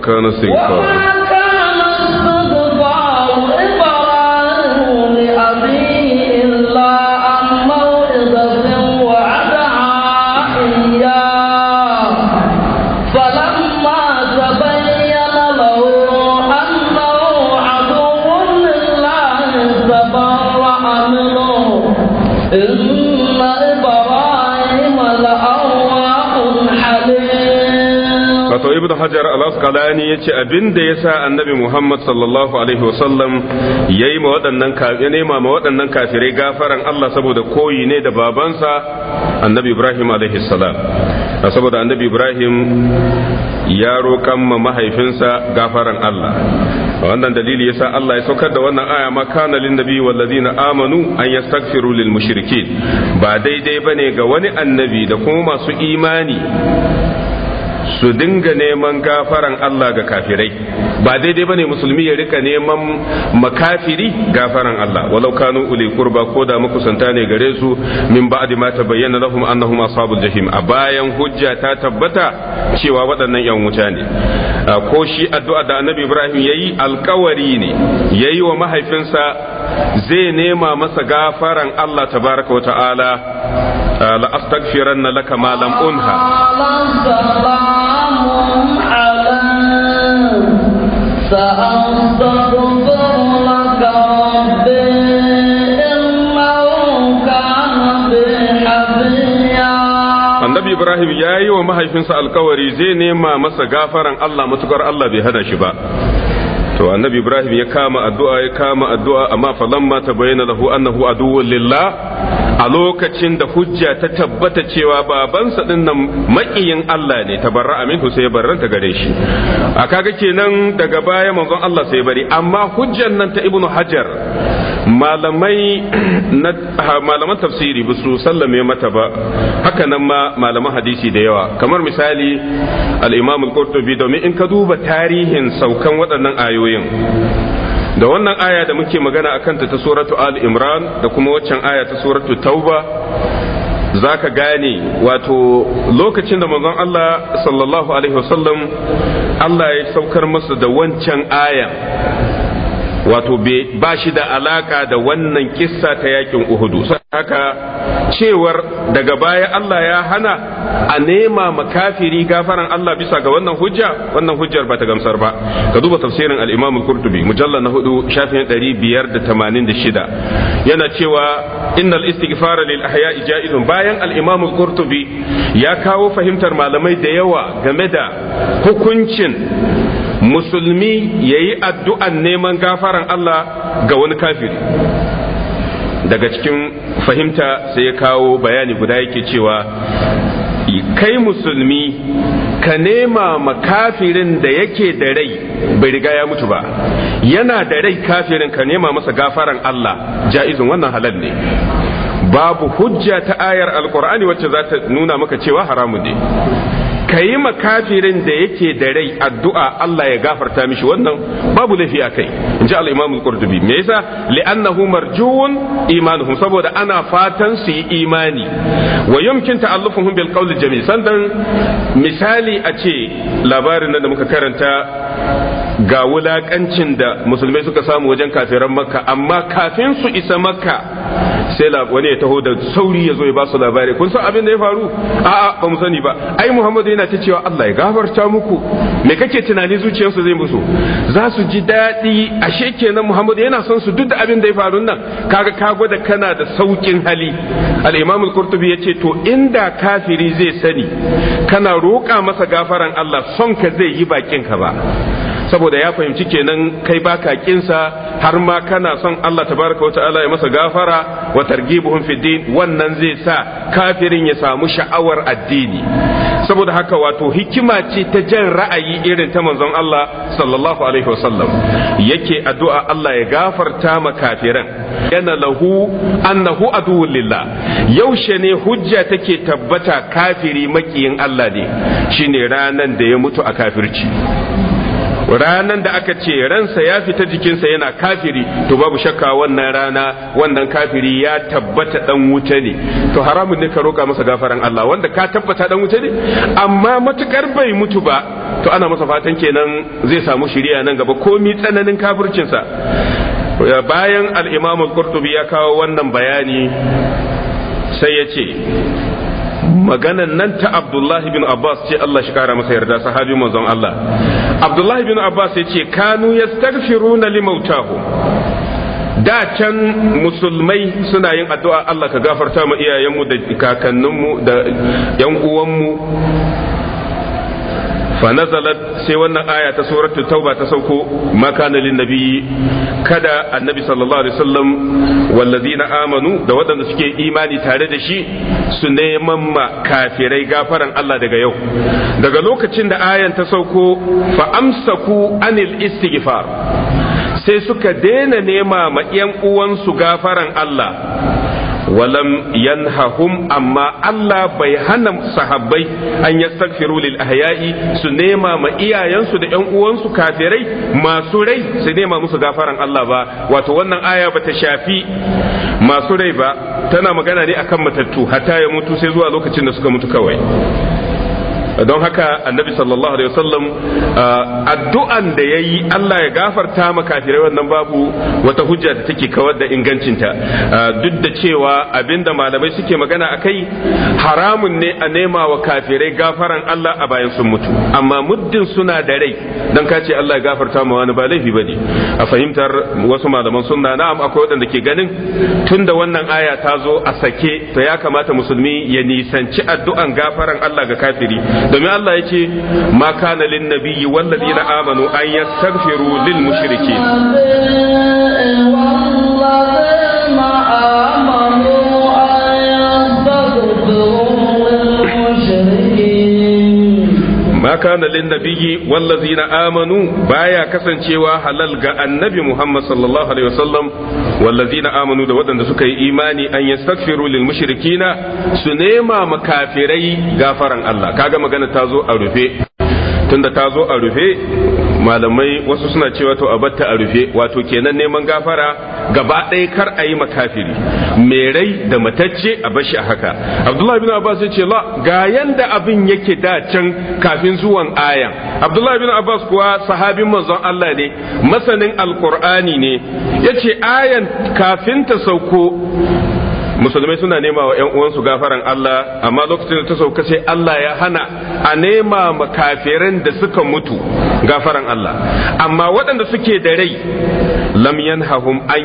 bacana assim, cara. al-asqalani yace abinda yasa annabi Muhammad sallallahu alaihi wasallam yayi ma waɗannan kafirai nema ma waɗannan kafirai gafaran Allah saboda koyi ne da babansa annabi Ibrahim alaihi salam saboda annabi Ibrahim ya roƙan ma mahaifinsa gafaran Allah wannan dalili yasa Allah ya saukar da wannan aya ma kana lin nabi wallazina amanu an yastaghfiru lil mushrikin ba daidai bane ga wani annabi da kuma masu imani su dinga neman gafaran Allah ga kafirai ba daidai bane musulmi ya rika neman makafiri gafaran Allah walau kanu uli kurba ko da makusanta ne gare su min ba'di ma tabayyana lahum annahum ashabul jahim a bayan hujja ta tabbata cewa waɗannan yan wuta ne ko shi addu'a da annabi Ibrahim yayi alkawari ne yayi wa mahaifinsa zai nema masa gafaran Allah tabaraka wa ta'ala la astaghfiranna laka ma lam unha ibrahim ya yi wa mahaifinsa alkawari zai nema masa gafaran allah matukar allah bai hada shi ba to annabi ibrahim ya kama addu'a ya kama addu'a amma falamma tabayyana lahu annahu aduwwun lillah a lokacin da hujja ta tabbata cewa babansa din nan maƙiyin Allah ne tabarra amin sai barranta gare shi a kaga kenan daga baya manzon Allah sai bari amma hujjan nan ta ibnu hajar malamai na malaman tafsiri ba sallame mata ba haka nan ma malaman hadisi da yawa kamar misali al-imam al-qurtubi domin in ka duba tarihin saukan waɗannan ayoyin da wannan aya da muke magana a kanta ta suratu al imran da kuma waccan aya ta suratu tauba za ka gane wato lokacin da manzon Allah sallallahu alaihi wasallam Allah ya saukar masa da wancan aya. wato ba shi da alaka da wannan kissa ta yakin uhudu haka cewar daga baya Allah ya hana a nema makafiri gafaran Allah bisa ga wannan hujja wannan hujjar ba ta gamsar ba ka duba tafsirin al-Imam al-Qurtubi mujallal na hudu shafin 586 yana cewa innal istighfar lil ahya'i ja'izun bayan al-Imam al-Qurtubi ya kawo fahimtar malamai da yawa game da hukuncin musulmi ya yi addu'an neman gafaran Allah ga wani kafiri daga cikin fahimta sai ya kawo bayani guda yake cewa kai musulmi ka nema ma kafirin da yake da rai bai riga ya mutu ba yana da rai kafirin ka nema masa gafaran Allah ja'izin wannan halal ne babu hujja ta ayar alkur'ani wacce za ta nuna maka cewa haramun ne ka yi makafirin da yake da rai addu'a Allah ya gafarta mishi wannan babu laifi a kai in ji al'imamu al me yasa li'annahu marjuun imanuhum saboda ana fatan su yi imani wa yumkin ta'allufuhum bil qawli jami' sandan misali a ce labarin nan da muka karanta ga wulakancin da musulmai suka samu wajen kafiran makka amma kafin su isa makka sai wani ya taho da sauri ya zo ya ba su labari kun san abin da ya faru a'a ba mu sani ba ai muhammadu yana ta cewa allah ya gafarta muku me kake tunani zuciyarsu zai musu za su ji daɗi ashe kenan muhammadu yana son su duk da abin da ya faru nan kaga ka gwada kana da saukin hali al-imam al-qurtubi yace to inda kafiri zai sani kana roƙa masa gafaran allah son ka zai yi bakin ka ba saboda ya fahimci kenan kai baka kinsa har ma kana son Allah tabaraka wa ta'ala ya masa gafara wa targibuhum fi din wannan zai sa kafirin ya samu sha'awar addini saboda haka wato hikima ce ta jan ra'ayi irin ta manzon Allah sallallahu alaihi wasallam yake addu'a Allah ya gafarta ma kafiran yana lahu annahu aduwwul lillah yaushe ne hujja take tabbata kafiri makiyin Allah ne shine ranan da ya mutu a kafirci ranan da aka ce ransa ya fita jikinsa yana kafiri to babu shakka wannan rana wannan kafiri ya tabbata dan wuta ne to haramun ne ka roka masa gafaran Allah wanda ka tabbata dan wuta ne amma matukar bai mutu ba to ana masa fatan kenan zai samu shiriya nan gaba komi tsananin kafircinsa bayan al-Imam al ya kawo wannan bayani sai ya ce maganan nan ta abdullahi bin abbas ce Allah shi kara masa yarda sahabi manzon Allah abdullahi bin abbas ya ce kanu yastaghfiruna limautahu da can musulmai suna yin addu'a Allah ka gafarta mu iyayenmu da kakanninmu da yan uwanmu fa nazalat sai wannan aya ta suratul tauba ta sauko ma kana lin kada annabi sallallahu alaihi wasallam wallazina amanu da waɗanda suke imani tare da shi su neman ma kafirai gafaran Allah daga yau daga lokacin da ayan ta sauko fa amsaku anil istighfar sai suka daina nema ma 'yan uwansu gafaran Allah walam yanhahum amma Allah bai hana sahabbai an yastaghfiru lil ahya'i su nema ma iyayensu da ƴan uwansu kafirai masu rai su nema musu gafaran Allah ba wato wannan aya bata shafi masu rai ba tana magana ne akan matattu hatta ya mutu sai zuwa lokacin da suka mutu kawai don haka annabi sallallahu alaihi wasallam addu'an da yayi Allah ya gafarta kafirai wannan babu wata hujja da take kawar da ingancinta duk da cewa abinda malamai suke magana akai haramun ne a nema wa kafirai gafaran Allah a bayan sun mutu amma muddin suna da rai dan ka ce Allah ya gafarta ma wani ba laifi bane a fahimtar wasu malaman sunna na'am akwai wanda ke ganin tunda wannan aya ta zo a sake to ya kamata musulmi ya nisanci addu'an gafaran Allah ga kafiri domin Allah yake ma kana lin nabiyyi wallazina amanu an yastaghfiru lil mushrikin والذين آمنوا kana lin nabiyyi wallazina amanu baya kasancewa halal ga annabi Muhammad sallallahu alaihi wasallam wallazina amanu da waɗanda suka yi imani an yastaghfiru lil mushrikina su nema makafirai gafaran Allah kaga magana ta zo a rufe tunda ta zo a rufe malamai wasu suna cewa to a batta a rufe wato kenan neman gafara gaba ɗaya kar a yi makafiri mai rai da matacce a bashi a haka abdullahi bin abbas ya ce la ga yanda abin yake da can kafin zuwan ayan abdullahi bin abbas kuwa sahabin manzon Allah ne masanin alqur'ani ne yace ayan kafin ta sauko musulmai suna nema wa 'yan uwansu gafaran Allah amma lokacin da ta sauka sai Allah ya hana a nema ma da suka mutu gafaran Allah amma waɗanda suke da rai lam yanhahum an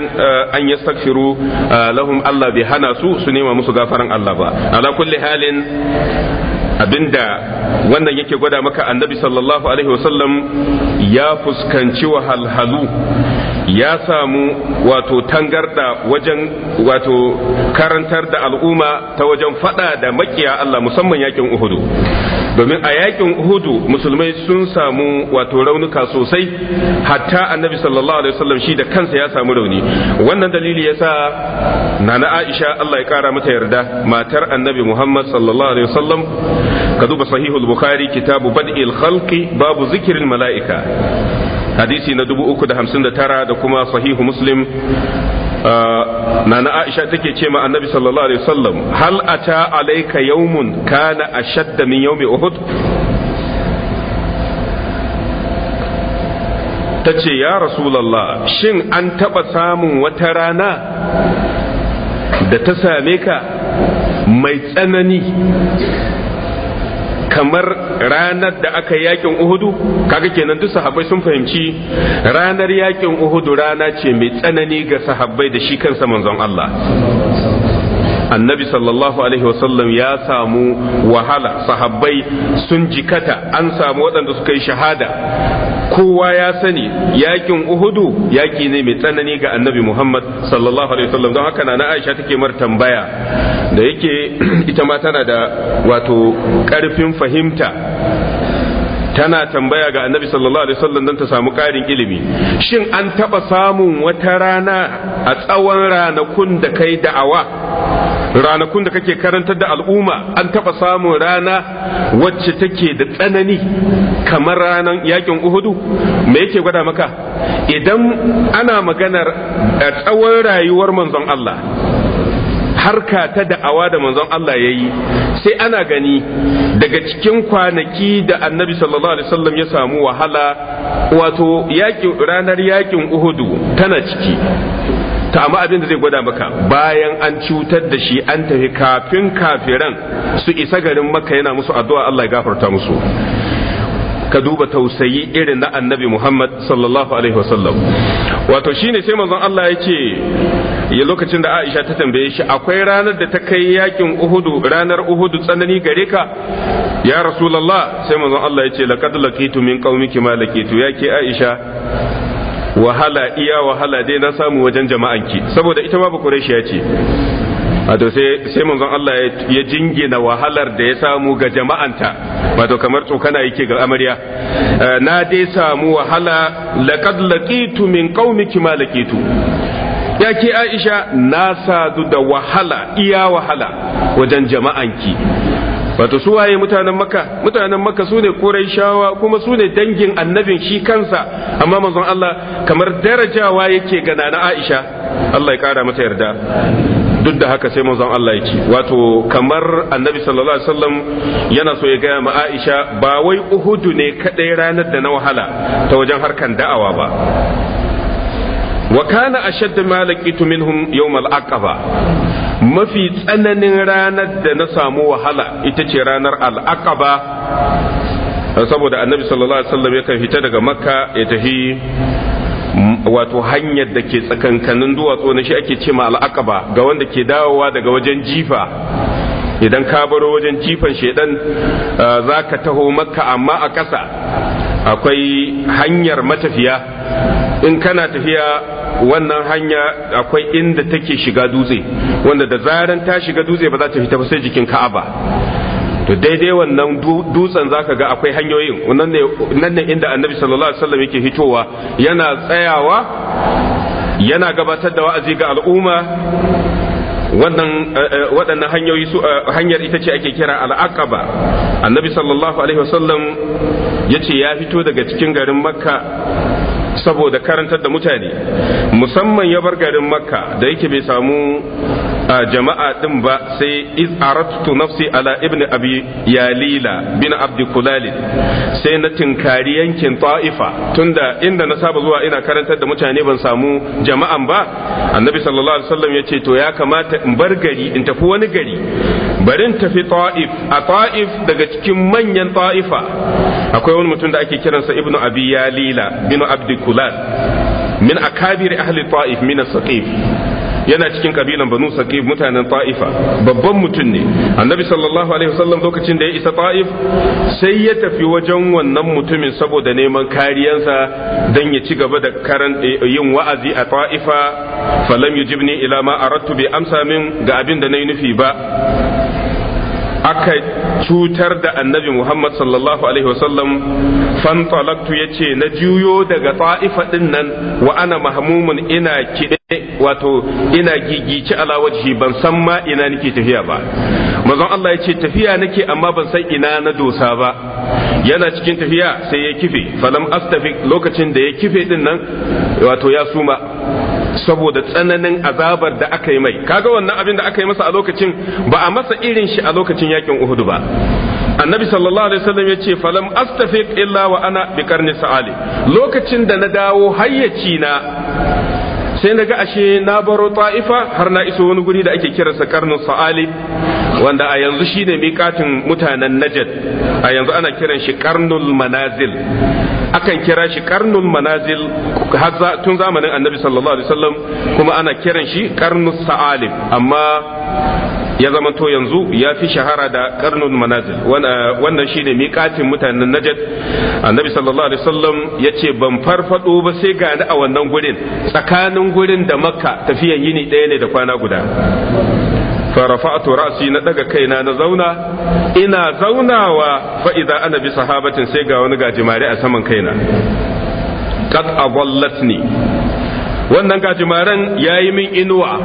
eh, yastaghfiru eh, lahum Allah bi hana su su nema musu gafaran Allah ba ala kulli halin abinda wannan yake gwada maka annabi sallallahu alaihi wasallam ya fuskanci wahalhalu ya samu wato tangarda wajen wato karantar da al'umma ta wajen fada da makiya Allah musamman yakin Uhudu domin a yakin Uhudu musulmai sun samu wato raunuka sosai hatta annabi sallallahu alaihi wasallam shi da kansa ya samu rauni wannan dalili yasa nana Aisha Allah ya kara mata yarda matar annabi Muhammad sallallahu alaihi wasallam ka duba sahihul bukhari kitabu bad'il khalqi babu zikirin mala'ika hadisi na 359 da kuma sahihu muslim Uh, nana aisha take ce ma annabi sallallahu alaihi wasallam hal ata alayka yawmun kana ashadda min yawmi uhud ta ce ya rasulallah shin an taɓa samun wata rana da ta same ka mai tsanani kamar ranar da aka yakin uhudu kaga kenan duk sahabbai sun fahimci ranar yakin uhudu rana ce mai tsanani ga sahabbai da shi kansa manzon Allah annabi sallallahu alaihi wasallam ya samu wahala sahabbai sun jikata an samu waɗanda suka yi shahada kowa ya sani yakin uhudu yaki ne mai tsanani ga annabi muhammad sallallahu alaihi wasallam don haka na aisha take mar tambaya da yake ita ma tana da wato karfin fahimta tana tambaya ga annabi sallallahu alaihi wasallam don ta samu karin ilimi shin an taba samun wata rana a tsawon ranakun da kai da'awa ranakun da kake karantar da al'umma an taɓa samun rana wacce take da tsanani kamar ranar yakin uhudu me yake gwada maka idan ana maganar eh, tsawon rayuwar manzon Allah harka ta da'awa da manzon Allah ya yi sai ana gani daga cikin kwanaki da annabi sallallahu alaihi wasallam ya samu wahala wato ranar yakin uhudu tana ciki to amma abin da zai gwada maka bayan an cutar da shi an tafi kafin kafiran su isa garin maka yana musu addu'a Allah ya gafarta musu ka duba tausayi irin na annabi Muhammad sallallahu alaihi wasallam wato shine sai manzon Allah ya ce ya lokacin da Aisha ta tambaye shi akwai ranar da ta kai yakin Uhudu ranar Uhudu tsanani gare ka ya Rasulullah sai manzon Allah ya ce laqad laqitu min qaumiki ma laqitu yake Aisha wahala iya wahala dai na samu wajen jama'anki saboda ita ma bakureshiya ce wato sai manzon Allah ya jingina wahalar da ya samu ga jama'anta wato kamar tsokana yake ga amarya eh, na dai samu wahala laqad laqitu min qaumiki ma laqitu ya ke Aisha na sadu da wahala iya wahala wajen jama'anki wato su waye mutanen makka mutanen makka su ne shawa kuma su ne dangin annabin shi kansa amma manzon Allah kamar darajawa yake gana na Aisha Allah ya kara mata yarda duk da haka sai manzon Allah ya ce wato kamar annabi sallallahu alaihi wasallam yana so ya gaya ma Aisha ba wai Uhudu ne kadai ranar da na wahala ta wajen harkan da'awa ba wa kana ashadda ma laqitu minhum yawm al-aqaba mafi tsananin ranar da na samu wahala ita ce ranar al-aqaba saboda annabi sallallahu alaihi wasallam yakan fita daga makka ya tafi wato hanyar da ke tsakankanin duwatsu na shi ake ce ma ga wanda ke dawowa daga wajen jifa idan ka baro wajen jifan shedan ah, za ka taho makka amma a ƙasa akwai hanyar matafiya in kana tafiya wannan hanya akwai inda take shiga dutse wanda da zaran ta shiga dutse ba za ta fita ba sai jikin ka'aba to daidai wannan dutsen zaka ga akwai hanyoyin nan ne nan ne inda annabi sallallahu alaihi wasallam yake hitowa yana tsayawa yana gabatar da wa'azi ga al'umma wannan eh, eh, waɗannan hanyoyi su eh, hanyar ita ce ake kira al'aqaba annabi sallallahu alaihi wasallam yace ya fito daga cikin garin makka saboda karantar da mutane musamman ya bar garin makka da yake bai samu A jama'a din ba sai iz arattu nafsi ala ibn abi yalila bin abd kulalid sai na tinkari yankin ta'ifa tunda inda na saba zuwa ina karantar da mutane ban samu jama'an ba annabi sallallahu alaihi wasallam yace to ya kamata in bar gari in tafi wani gari barin tafi ta'if a ta'if daga cikin manyan ta'ifa akwai wani mutum da ake kiransa ibn abi yalila bin abd kulal min akabir ahli ta'if min as-saqif yana cikin kabilan banu saqif mutanen ta'ifa babban mutum ne annabi sallallahu alaihi wasallam lokacin da ya isa ta'if sai ya tafi wajen wannan mutumin saboda neman kariyansa dan ya ci gaba da karan eh, yin wa'azi a ta'ifa falam yujibni ila ma aradtu bi amsa min ga abin da nayi nufi ba aka cutar da annabi Muhammad sallallahu alaihi wasallam fantalaktu ya ce na juyo daga ta'ifa ɗin nan wa ana mahmumun ina kiɗe wato ina gigice ala wajhi ban san ma ina nake tafiya ba manzon Allah ya ce tafiya nake amma ban san ina na dosa ba yana cikin tafiya sai ya kife falam astafik lokacin da ya kife dinnan nan wato ya suma saboda tsananin azabar da aka yi mai kaga wannan abin da aka yi masa a lokacin ba a masa irin shi a lokacin yakin uhudu ba annabi sallallahu alaihi wasallam yace falam astafiq illa wa ana biqarni sa'ali lokacin da na dawo hayyaci na sai na ga ashe na baro ta'ifa har na iso wani guri da ake kiransa karnin sa'ali wanda a yanzu shi ne miƙatin mutanen najad a yanzu ana kiran shi karnul manazil akan kira shi karnul manazil tun zamanin annabi sallallahu alaihi wasallam kuma ana kiran shi karnus sa'alim amma ya zama to yanzu ya fi shahara da karnul manazil wannan shine miƙatin mutanen najad annabi sallallahu alaihi wasallam ya ce ban farfado ba sai ga a wannan gurin tsakanin gurin da makka tafiyan yini ɗaya ne da kwana guda na فرفعت رأسي ندق كينا نزونا إنا زونا فإذا أنا بصحابة سيقا gajimare a saman kaina قد أضلتني wannan gajimaren ya yi min inuwa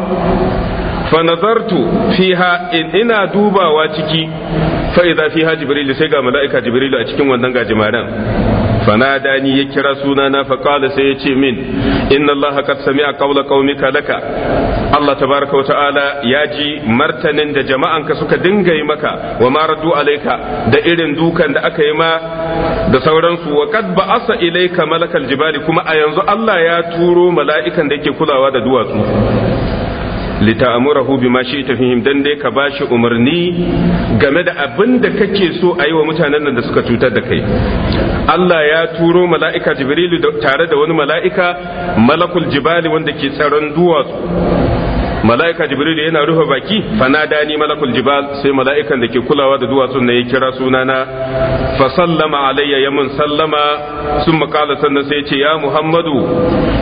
fa nazartu fiha in ina dubawa ciki fa idza fiha jibril sai ga mala'ika jibrilu a cikin wannan gajimaran fanadani ya kira sunana fa qala sai ya ce min inna allaha qad sami'a qawla qaumika laka Allah tabaraka wa ta'ala ya ji martanin da jama'an ka suka dinga yi maka wa ma raddu alayka da irin dukan da aka yi ma da sauransu wa qad ba'asa ilayka malakal jibali kuma a yanzu Allah ya turo mala'ikan da yake kulawa da duwatsu lita'amurahu bima shi'ta fihim dan dai ka bashi umarni game da abinda da kake so a yi wa mutanen nan da suka cutar da kai Allah ya turo mala'ika Jibrilu tare da wani mala'ika malakul jibali wanda ke tsaron duwatsu mala'ika jibril yana rufe baki fanada ni malakul jibal sai mala'ikan da ke kulawa da duwatsun ne ya kira sunana fa sallama alayya ya mun sallama sun makala sannan sai ce ya muhammadu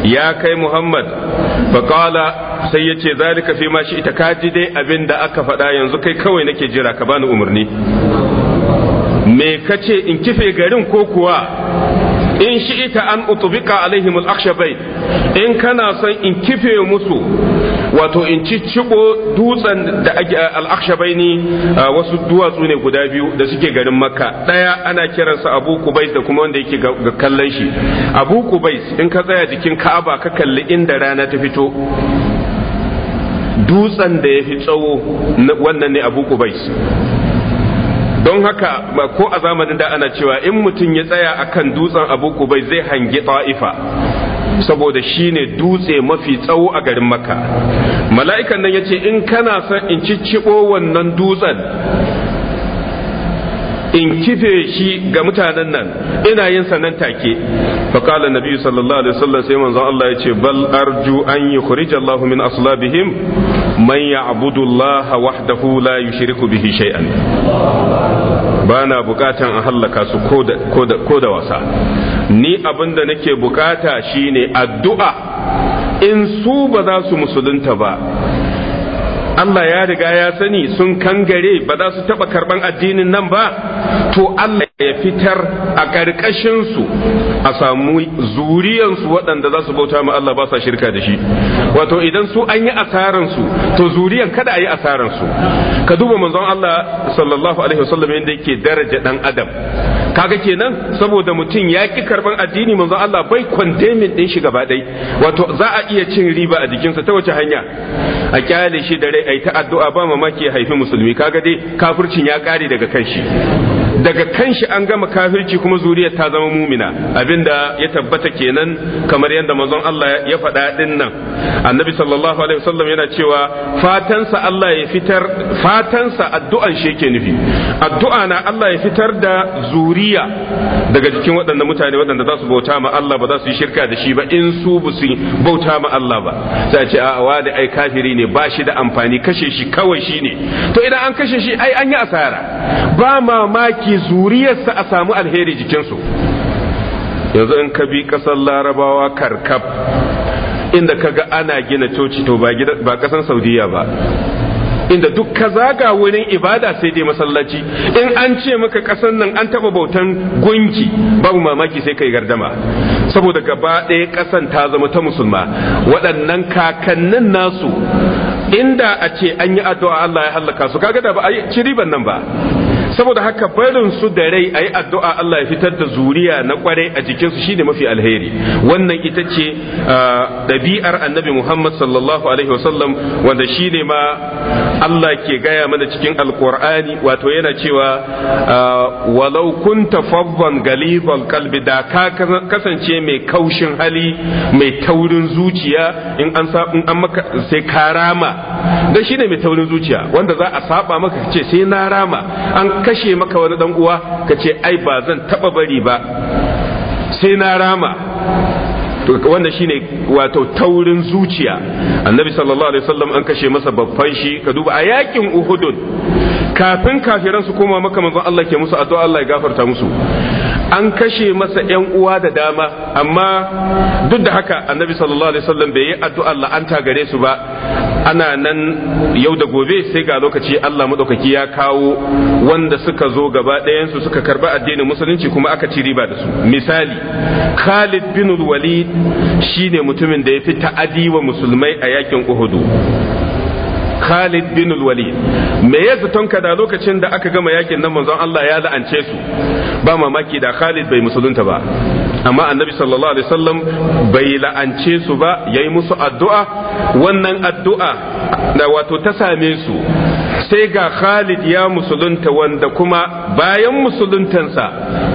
ya kai muhammad fa kala sai ya ce zalika fi ma shi ita kaji dai abin da aka faɗa yanzu kai kawai nake jira ka bani umarni me kace in kife garin ko kuwa in shi ita an utubika alaihim al in kana son in kife musu wato in ci ciɓo dutsen da ake al-akhshabaini wasu duwatsu ne guda biyu da suke garin makka ɗaya ana kiransa abu kubais da kuma wanda yake ga kallon shi abu kubais in ka tsaya jikin ka'aba ka kalli inda rana ta fito dutsen da ya fi tsawo wannan ne abu kubais don haka ko a zamanin da ana cewa in mutum ya tsaya akan dutsen abu kubais zai hangi ta'ifa saboda shi ne dutse mafi tsawo a garin makka mala'ikan nan ya ce in kana son in cicciɓo wannan dutsen in kife shi ga mutanen nan ina yin sanan take fa qala nabi sallallahu alaihi wasallam sai manzon Allah ya ce bal arju an yukhrij Allah min aslabihim man ya'budu Allah wahdahu la yushriku bihi shay'an bana bukatan a hallaka su ko da wasa ni abin da nake bukata shine addu'a in su ba za su musulunta ba Allah ya riga ya sani sun kangare ba za su taɓa karɓan addinin nan ba to Allah ya fitar a ƙarƙashinsu a samu zuriyansu waɗanda za su bauta ma Allah ba sa shirka da shi wato idan su an yi asaransu to zuriyan kada a yi asaransu ka duba manzon Allah sallallahu alaihi wasallam yadda yake daraja ɗan adam kaga kenan saboda mutum ya ƙi karɓar addini manzo Allah bai condemning ɗin shi gaba dai wato za a iya cin riba a jikinsa ta wace hanya a kyale shi da rai ai ta addu'a ba mamaki ya haifi musulmi kaga dai kafircin ya kare daga kan shi daga kanshi an gama kafirci kuma zuriyar ta zama mumina abinda ya tabbata kenan kamar yadda manzon Allah ya faɗa din nan annabi sallallahu alaihi wasallam yana cewa fatansa Allah ya fitar fatansa addu'an shi yake nufi addu'a na Allah ya fitar da zuriya daga cikin waɗannan mutane waɗanda za su bauta ma Allah ba za su yi shirka da shi ba in su ba su bauta ma Allah ba sai ce a wa da ai kafiri ne ba shi da amfani kashe shi kawai shi ne to idan an kashe shi ai an yi asara ba mamaki zuriyar zuriyarsa a samu alheri jikinsu yanzu in ka bi ƙasar larabawa karkab inda ga ana gina coci to ba ƙasar saudiya ba inda duk ka zaga wurin ibada sai dai masallaci in an ce maka kasan nan an taba bautan gunki babu mamaki sai kai gardama saboda gaba ɗaya kasan ta zama ta musulma waɗannan kakannin nasu inda a ce an yi addu'a Allah ya hallaka su kaga da ba a ci riban nan ba saboda haka barin su da rai a yi addu'a Allah ya fitar da zuriya na kwarai a jikinsu shi ne mafi alheri wannan ita ce ah, ɗabi’ar annabi Muhammad sallallahu alaihi wasallam wanda shi ne ma Allah ke gaya mana cikin alkur'ani wato yana cewa ah, walau kun tafabban galibar kalbi da ka kasance mai kaushin hali mai taurin zuciya in an maka sai ka rama shi ne mai taurin zuciya wanda za a saba maka ce sai na rama an kashe maka wani dan uwa ka ce ai ba zan taba bari ba sai na rama wanda shine wato taurin zuciya annabi sallallahu alaihi wasallam an kashe masa babban shi ka duba a yakin uhudun kafin kafiran su koma maka manzon Allah ke musu addu'a Allah ya gafarta musu an kashe masa yan uwa da dama amma duk da haka annabi sallallahu alaihi wasallam bai yi addu'a Allah an gare su ba ana nan yau da gobe sai ga lokaci Allah madaukaki ya kawo wanda suka zo gaba ɗayan su suka karba addinin musulunci kuma aka ci riba da su misali Khalid bin Walid shine mutumin da ya fi ta'adi wa musulmai a yakin Uhud Khalid bin Walid me ya zatonka da lokacin da aka gama yakin nan manzon Allah ya la'ance su ba mamaki da Khalid bai musulunta ba amma annabi sallallahu alaihi wasallam bai la'ance su ba yayi musu addu'a wannan addu'a da wato ta same su sai ga Khalid ya musulunta wanda kuma bayan musuluntansa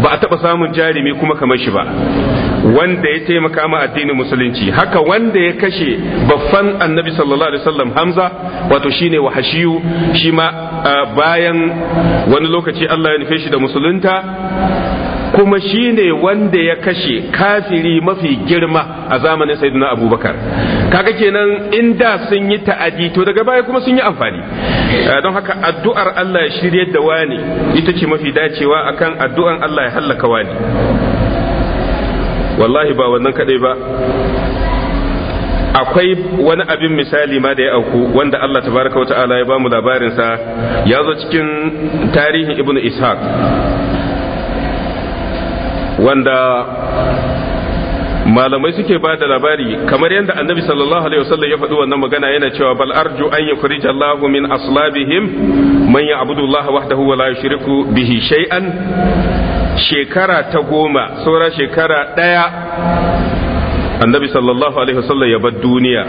ba a taɓa samun jarumi kuma kamar shi ba wanda ya taimaka ma addinin musulunci haka wanda ya kashe baffan annabi sallallahu alaihi wasallam hamza wato shine wahashiyu shi ma bayan wani lokaci Allah ya nufe shi da musulunta kuma shine wanda ya kashe kafiri mafi girma a zamanin sayyidina abubakar kaga kenan in da sun yi ta'adi to daga baya kuma sun yi amfani don haka addu'ar Allah ya shiryar da wani ita ce mafi dacewa akan addu'an Allah ya hallaka wani wallahi ba wannan kadai ba akwai wani abin misali ma da ya auku wanda Allah tabaraka wa ta'ala ya bamu sa ya zo cikin tarihin ibnu ishaq wanda malamai suke ba da labari kamar yadda annabi sallallahu alaihi wasallam ya faɗi wannan magana yana cewa bal arju an yukhrij Allah min aslabihim man ya'budu Allah wahdahu wa la yushriku bihi shay'an shekara ta goma saura shekara ɗaya annabi sallallahu alaihi wasallam ya bar duniya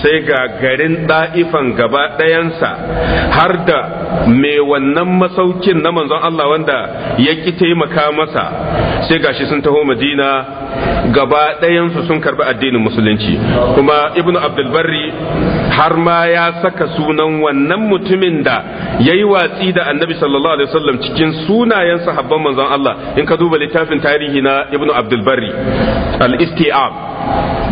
sai ga garin ɗa'ifan gaba ɗayansa har da mai wannan masaukin na manzon Allah wanda ya ki taimaka masa sai ga shi sun taho madina gaba ɗayansu sun karbi addinin musulunci kuma ibnu abdulbarri har ma ya saka sunan wannan mutumin da ya yi watsi da annabi sallallahu alaihi wasallam cikin sunayen sahabban manzon Allah in ka duba littafin tarihi na ibnu abdulbarri al-istiab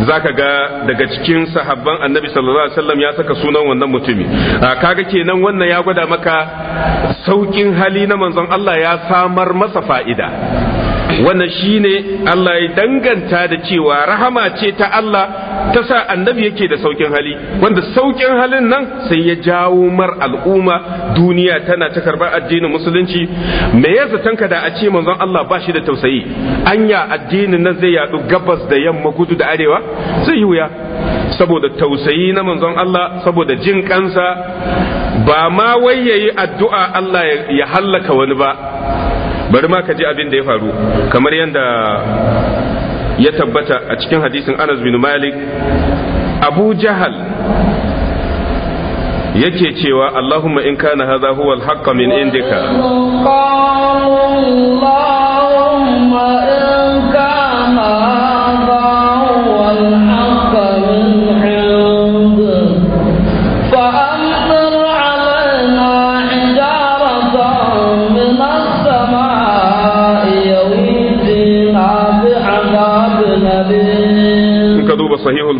zaka ga daga cikin sahabban annabi annabi sallallahu alaihi wasallam ya saka sunan wannan mutumi kaga kenan wannan ya gwada maka saukin hali na manzon Allah ya samar masa fa'ida wannan shine Allah ya danganta da cewa rahama ce ta Allah ta sa annabi yake da saukin hali wanda saukin halin nan sai ya jawo mar al'umma duniya tana ta karbar addinin musulunci me ya zatanka da a ce manzon Allah ba shi da tausayi anya addinin nan zai yadu gabas da yamma gudu da arewa zai yi wuya saboda tausayi na manzon Allah saboda jin kansa ba ma wai yayi addu'a Allah ya hallaka wani ba bari ma ka ji abin da ya faru kamar yadda ya tabbata a cikin hadisin Anas bin Malik Abu Jahal yake cewa Allahumma in kana hadha huwa al-haqqa min indika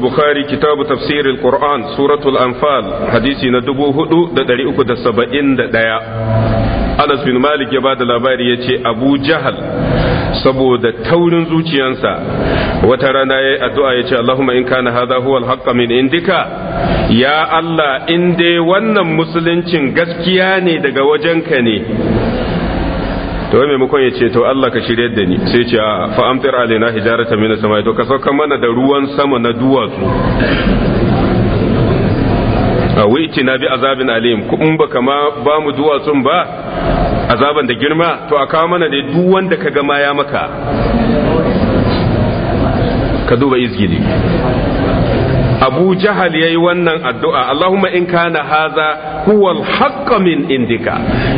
bukhari kitabu tafsiril qur'an suratul anfal hadisi na da 4371 anas bin malik ya bada labari yace abu jahal saboda taurin zuciyarsa wata rana yayi addu'a ya ce allahumma in kana hadha huwa alhaqqa min indika ya allah in dai wannan musuluncin gaskiya ne daga wajenka ne to maimakon ya ce to Allah ka shirye da ni sai ce a fa amtir alaina hijarata min samai to ka sauka mana da ruwan sama na duwatsu a wuce na bi azabin alim kun ba kama ba mu duwatsun ba azaban da girma to a kawo mana da duk wanda ka gama ya maka ka duba izgili abu jahal yayi wannan addu'a allahumma in kana haza huwa alhaqqa min indika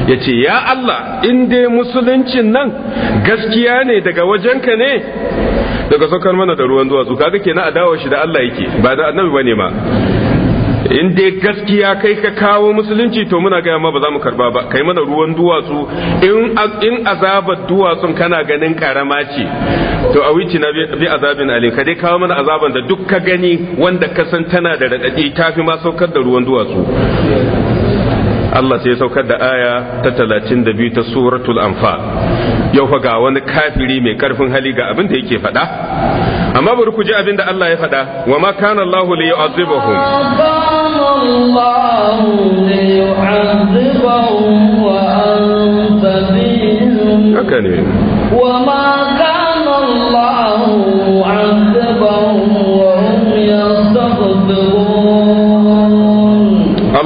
yace ya allah in dai musuluncin nan gaskiya ne daga wajenka ne daga saukar mana da ruwan duwatsu kaga kenan a dawo shi da allah yake ba da annabi bane ma in dai gaskiya kai ka kawo musulunci to muna gaya ma ba za mu karba ba kai mana ruwan duwatsu in azabar duwatsun kana ganin karama ce to a wici na bi azabin alim ka dai kawo mana azaban da duk ka gani wanda ka san tana da raɗaɗi tafi ma saukar da ruwan duwatsu Allah sai ya saukar da aya ta da biyu ta suratul amfa yau fa ga wani kafiri mai karfin hali ga abin da yake faɗa amma bari ku ji abin da Allah ya faɗa wa ma kana Allah li yu'azzibahum wa anta wa ma kana Allah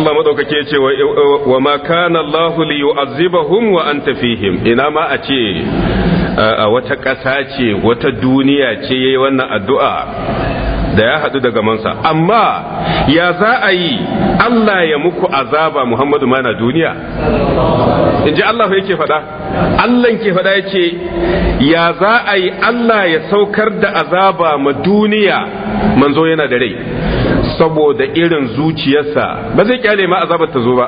Allah madaukake ce wa ma kana Allahu li yu'azzibahum wa anta fihim ina ma a ce a wata ƙasa ce wata duniya ce yayi wannan addu'a da ya haɗu daga mansa amma ya za a yi Allah ya muku azaba Muhammadu mana duniya in ji Allah yake faɗa Allah ke faɗa ya ce ya za a yi Allah ya saukar da azaba ma duniya manzo yana da rai saboda irin zuciyarsa ba zai kyale ma azabar ta zo ba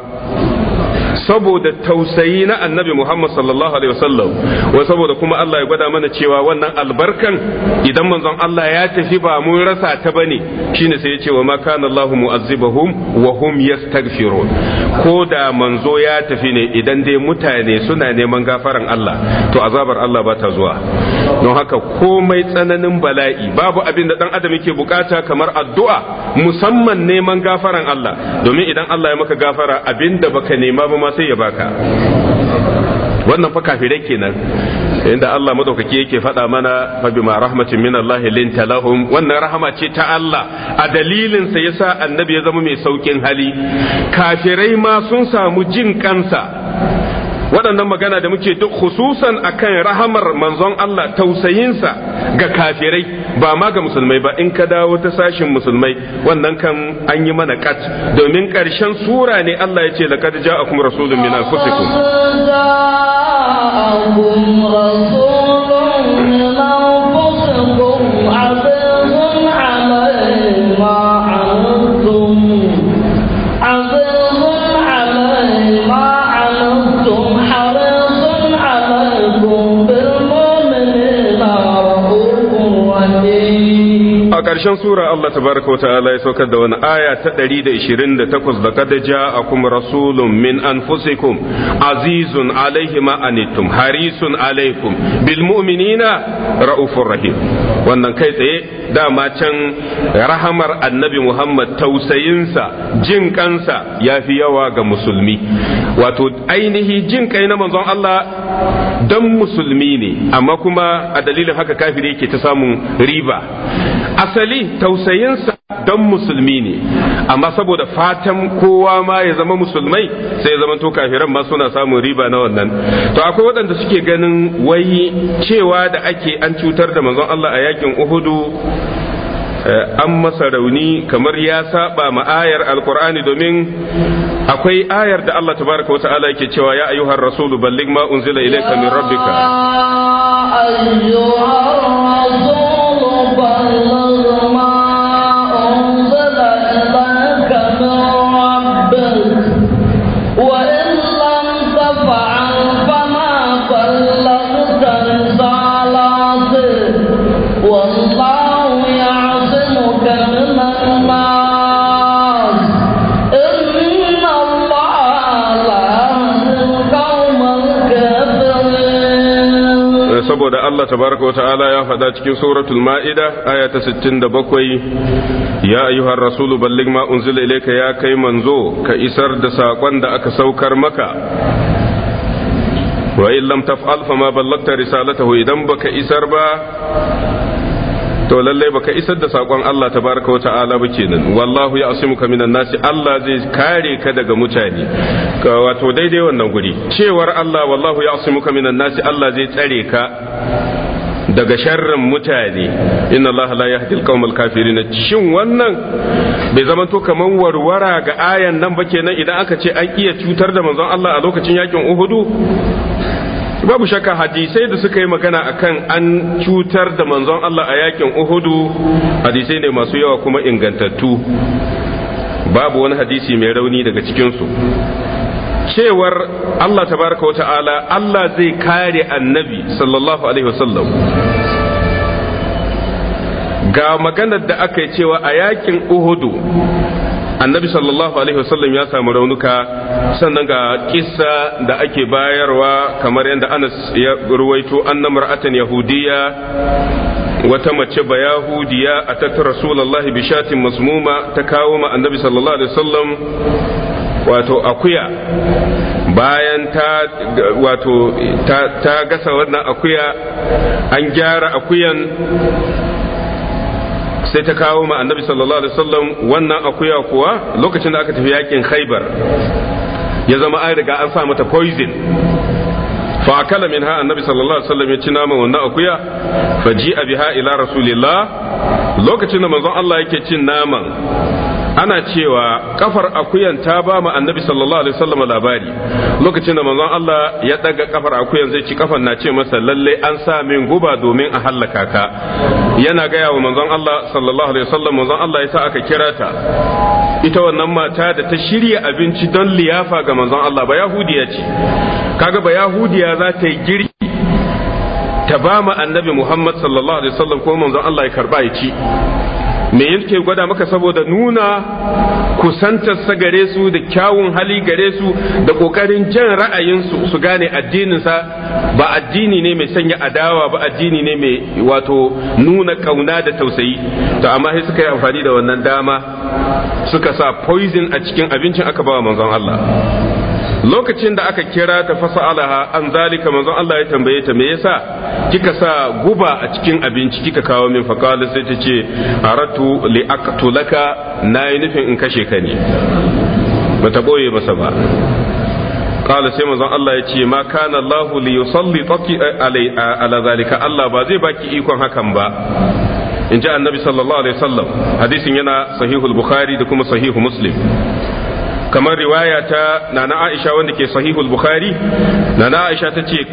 saboda tausayi na annabi Muhammad sallallahu alaihi wasallam wa saboda kuma Allah ya gwada mana cewa wannan albarkan idan manzon Allah ya tafi ba mun rasa ta bane shine sai ya ce wa ma kana Allahu mu'azzibahum wa hum yastaghfirun ko da manzo ya tafi ne idan dai mutane suna neman gafaran Allah to azabar Allah ba ta zuwa don haka komai tsananin bala'i babu abin da dan adam yake bukata kamar addu'a musamman neman gafaran Allah domin idan Allah ya maka gafara abinda baka nema ba ma sai ya baka wannan fa kafirai kenan inda Allah madaukaki yake faɗa mana fa bima rahmatin min Allah linta lahum wannan rahama ce ta Allah a dalilin sa yasa annabi ya zama mai saukin hali kafirai ma sun samu jin kansa waɗannan magana da muke duk hususan akan rahamar manzon Allah tausayinsa ga kafirai ba ma ga musulmai ba in ka dawo ta sashin musulmai wannan kan an yi mana kat domin ƙarshen sura ne Allah ya ce laqad ja'akum rasulun min anfusikum ƙarshen sura Allah baraka wa ta'ala ya saukar da wani aya ta 128 da kada kuma rasulun min anfusikum azizun alaihi ma anittum harisun alaikum bil mu'minina raufur rahim wannan kai tsaye dama can rahamar annabi Muhammad tausayinsa jin kansa ya fi yawa ga musulmi wato ainihi jin kai na manzon Allah dan musulmi ne amma kuma a dalilin haka kafiri yake ta samun riba asali tausayinsa dan musulmi ne amma saboda fatan kowa ma ya zama musulmai sai ya zama to kafiran ma suna samun riba na wannan to akwai waɗanda suke ganin wai cewa da ake an cutar da manzon Allah a yakin Uhudu eh, an masa rauni kamar ya saba ma ayar alkur'ani domin akwai ayar da Allah tabaraka wa ta'ala yake cewa ya ayyuhar rasulu balligh ma unzila ilayka min rabbika ayyuhar rasulu saboda Allah tabaraka wa ta'ala ya faɗa cikin suratul ma'ida aya ta 67 ya ayyuhar rasulu ballig ma unzila ilayka ya kai manzo ka isar da sakon da aka saukar maka wa in lam taf'al fa ma ballagta risalatahu idan baka isar ba to lallai baka isar da sakon Allah tabaraka wa ta'ala ba kenan wallahu ya minan nasi Allah zai kare ka daga mutane wato daidai wannan guri cewar Allah wallahu ya minan nasi Allah zai tsare ka daga sharrin mutane inna Allah la yahdi al kafirin shin wannan bai zama to kaman warwara ga ayan nan ba kenan idan aka ce an iya cutar da manzon Allah a lokacin yakin Uhudu babu shakka hadisai da suka yi magana akan an cutar da manzon Allah a yakin Uhudu hadisai ne masu yawa kuma ingantattu babu wani hadisi mai rauni daga cikinsu cewar Allah tabaraka wa ta'ala Allah zai kare annabi sallallahu alaihi wasallam ga maganar da aka yi cewa a yakin Uhudu annabi sallallahu alaihi wasallam ya samu raunuka sannan ga kissa da ake bayarwa kamar yadda anas ya ruwaito annam ra'atan yahudiya wata mace ba yahudiya a tattara rasulullahi bishatin masmuma ta kawo ma annabi sallallahu alaihi wasallam wato akuya bayan ta wato ta gasa wannan akuya an gyara akuyan sai ta kawo ma annabi sallallahu alaihi wasallam wannan akuya kuwa lokacin da aka tafi yakin khaybar ya zama an riga an sa mata poison fa akala minha annabi sallallahu alaihi wasallam ya ci naman wannan akuya fa ji'a biha ila rasulillah lokacin da manzon Allah yake cin naman ana cewa kafar akuyan ta ba mu annabi sallallahu alaihi wasallam labari lokacin da manzon Allah ya daga kafar akuyan zai ci kafan na ce masa lalle an sa min guba domin a hallaka ka yana gaya wa manzon Allah sallallahu alaihi wasallam manzon Allah ya sa aka kira ta ita wannan mata da ta shirya abinci don liyafa ga manzon Allah ba yahudiya ce kaga ba yahudiya za ta yi girki ta ba mu annabi Muhammad sallallahu alaihi wasallam ko manzon Allah ya karba ya ci me yake gwada maka saboda nuna kusantarsa gare su da kyawun hali gare su da ƙoƙarin jan ra'ayinsu su gane addininsa ba addini ne mai sanya adawa ba addini ne mai wato nuna ƙauna da tausayi to amma sai suka yi amfani da wannan dama suka sa poison a cikin abincin aka ba wa manzon Allah lokacin da aka kira ta alaha an zalika manzon Allah ya tambaye ta me yasa kika sa guba a cikin abinci kika kawo min faqala sai ta ce aratu li aqtulaka nayi nufin in kashe ka ne bata boye masa ba kala sai manzon Allah ya ce ma kana Allah li yusalli taki eh, eh, ala zalika Allah ba zai baki ikon hakan ba in ji annabi sallallahu alaihi wasallam hadisin yana sahihul bukhari da kuma sahihu muslim kamar riwaya ta nana aisha wanda ke sahihul bukhari nana aisha ta ce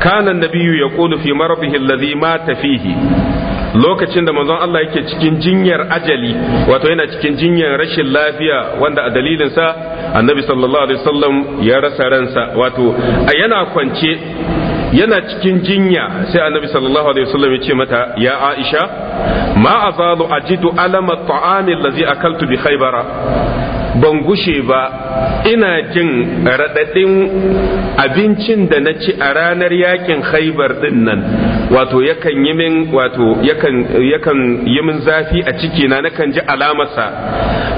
kanan nabiyu ya kulu fi marabihi allazi mata fihi lokacin da manzon Allah yake cikin jinyar ajali wato yana cikin jinyar rashin lafiya wanda a dalilinsa annabi sallallahu alaihi wasallam ya rasa ransa wato a yana kwance yana cikin jinya sai annabi sallallahu alaihi wasallam ya ce mata ya Aisha ma azalu ajidu alama ta'amin allazi akaltu bi khaybara ban gushe ba ina jin raɗaɗin abincin da na ci a ranar yakin haibar din nan wato yakan yi min wato yakan yakan yi min zafi a cikina nakan ji alamarsa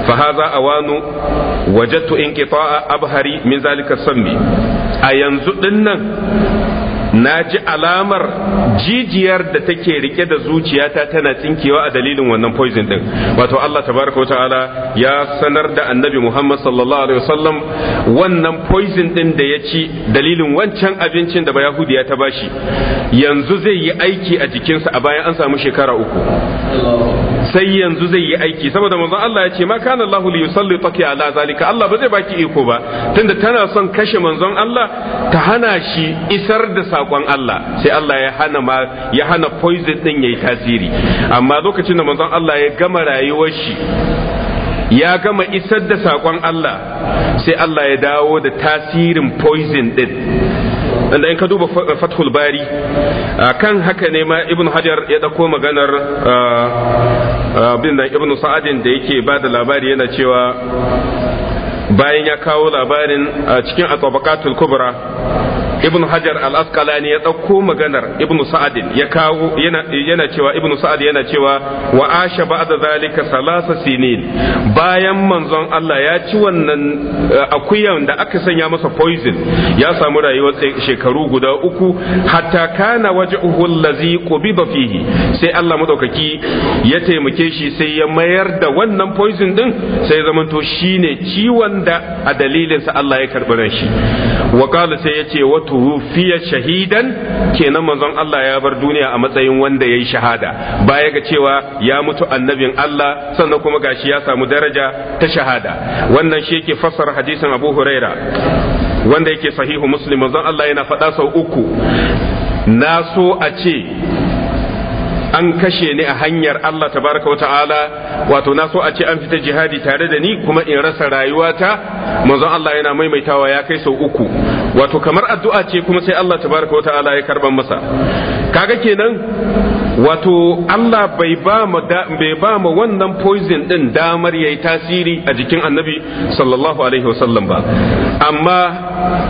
fa haza awanu wajadtu inqita'a abhari min zalika sammi a yanzu din nan na ji alamar jijiyar da take rike da zuciyata tana tsinkewa a dalilin wannan poison din wato Allah tabaraka wa ta'ala ya sanar da annabi Muhammad sallallahu alaihi wasallam wannan poison din da ya ci dalilin wancan abincin da bayahudiya ta bashi yanzu zai yi aiki a jikinsa a bayan an samu shekara uku sai yanzu zai yi aiki saboda manzon Allah ya ce ma kana Allahu li ki ala zalika Allah ba zai baki iko ba tunda tana son kashe manzon Allah ta hana shi isar da sakon Allah sai Allah ya hana ma ya hana poison din yayi tasiri amma lokacin da manzon Allah ya gama rayuwar shi ya gama isar da sakon Allah sai Allah ya dawo da tasirin poison din wanda in ka duba fathul bari kan haka ne ma ibn hajar ya dauko maganar abin da ibnu sa'adin da yake ba da labari yana cewa bayan ya kawo labarin a cikin atabakatul kubra ibn hajar al-asqalani ya ɗauko maganar ibn sa'ad ya kawo yana cewa ibn sa'ad yana cewa wa asha ba'da zalika salasa sinin bayan manzon Allah ya ci wannan eh, akuyan da aka sanya masa poison ya samu rayuwar shekaru guda uku hatta kana wajhuhu allazi qubiba fihi sai Allah madaukaki ya taimake shi sai ya mayar da wannan poison din sai ya zamanto shine ciwon da a dalilinsa Allah ya karbi shi wa qala sai ya ce wato tuwufiya shahidan kenan manzon Allah ya bar duniya a matsayin wanda yayi shahada baya ga cewa ya mutu annabin Allah sannan kuma gashi ya samu daraja ta shahada wannan shi yake fassara hadisin Abu Huraira wanda yake sahihu Muslim manzon Allah yana faɗa sau uku na so a ce an kashe ni a hanyar Allah tabaraka wa ta'ala wato na so a ce an fita jihadi tare da ni kuma in rasa rayuwata manzon Allah yana maimaitawa ya kai sau uku wato kamar addu'a ce kuma sai Allah tabaraka wata'ala ya karban masa kaga kenan wato Allah bai ba mu bai ba mu wannan poison din damar yayi tasiri a jikin Annabi sallallahu alaihi wasallam ba amma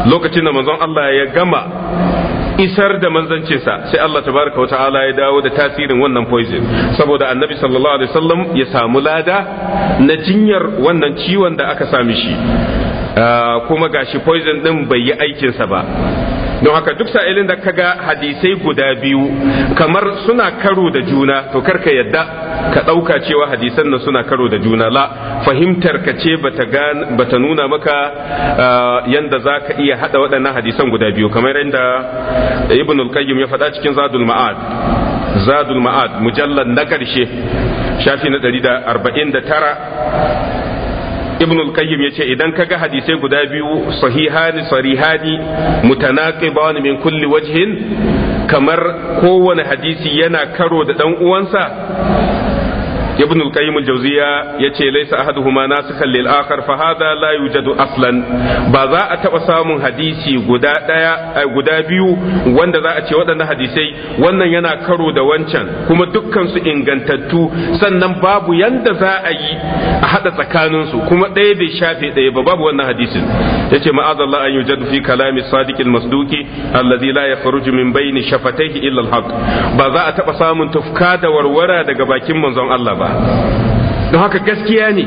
lokacin da manzon Allah ya gama isar da manzancinsa sai Allah tabaraka wa ta'ala ya dawo da tasirin wannan poison saboda annabi sallallahu alaihi wasallam ya samu lada na jinyar wannan ciwon da aka sami shi Ah, kuma gashi poison din bai yi aikinsa ba don haka duk sa'ilin da kaga hadisai guda biyu kamar suna karo da juna to karka yadda ka ɗauka cewa hadisan nan suna karo da juna la fahimtar ka ce bata nuna maka ah, yanda za ka iya haɗa waɗannan hadisan guda biyu kamar yadda ibn al-qayyim ya faɗa cikin zadul ma'ad zadul ma'ad mujallad na ƙarshe shafi na 149 ibn al-qayyim yace idan kaga hadisai guda biyu sahihani sarihani mutanaqiban min kulli wajhin kamar kowane hadisi yana karo da dan uwansa ibn al-qayyim al-jawziya yace laysa ahaduhuma nasikhan lil akhar fa hadha la yujadu aslan ba za a taba samun hadisi guda eh, guda biyu wanda za a ce waɗannan hadisai wannan yana karo da wancan kuma dukkan su ingantattu sannan babu yadda za a yi a hada tsakanin su kuma ɗaya bai shafe ɗaya ba babu wannan hadisin yace ma'azallah an yujadu fi kalami sadiq al-masduqi alladhi la yakhruju min bayni shafatayhi illa al-haq ba za a taɓa samun tufka da warwara daga bakin manzon Allah ba ba don haka gaskiya ne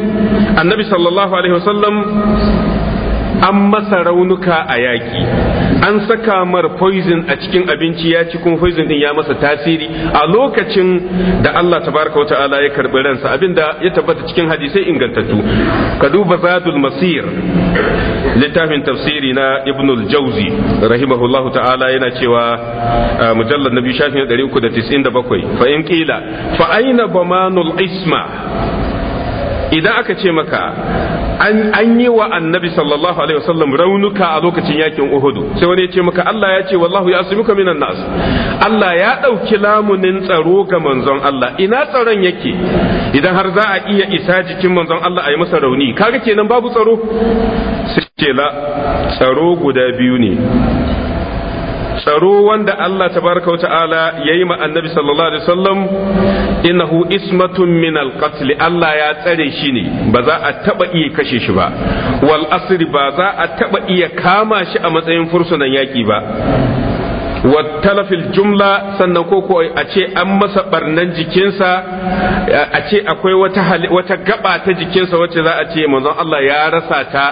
annabi sallallahu alaihi wasallam an masa raunuka a yaƙi an saka mar poison a cikin abinci ya ci kuma poison din ya masa tasiri a lokacin da Allah tabaraka wa ta'ala ya karbi ransa abinda ya tabbata cikin hadisai ingantattu ka duba masir littafin tafsiri na ibn al-jauzi rahimahullahu ta'ala yana cewa na nabi shafin 397 fa in qila fa aina bamanul isma idan aka ce maka an yi wa annabi sallallahu alaihi wasallam raunuka a lokacin yakin uhudu sai wani ya ce maka Allah ya ce wallahu ya asumuka minan nas Allah ya ɗauki lamunin tsaro ga manzon Allah ina tsaron yake idan har za a iya isa jikin manzon Allah a yi masa rauni kaga kenan babu tsaro sai ce la tsaro guda biyu ne tsaro wanda Allah tabaraka wa ta'ala yayi ma annabi sallallahu alaihi wasallam innahu ismatun min alqatl Allah ya tsare shi ne ba za a taba iya kashe shi ba wal ba za a taɓa iya kama shi a matsayin fursunan yaƙi ba wa jumla sannan ko ko a ce an masa barnan jikinsa a ce akwai wata gaba ta jikinsa wacce za a ce manzon Allah ya rasa ta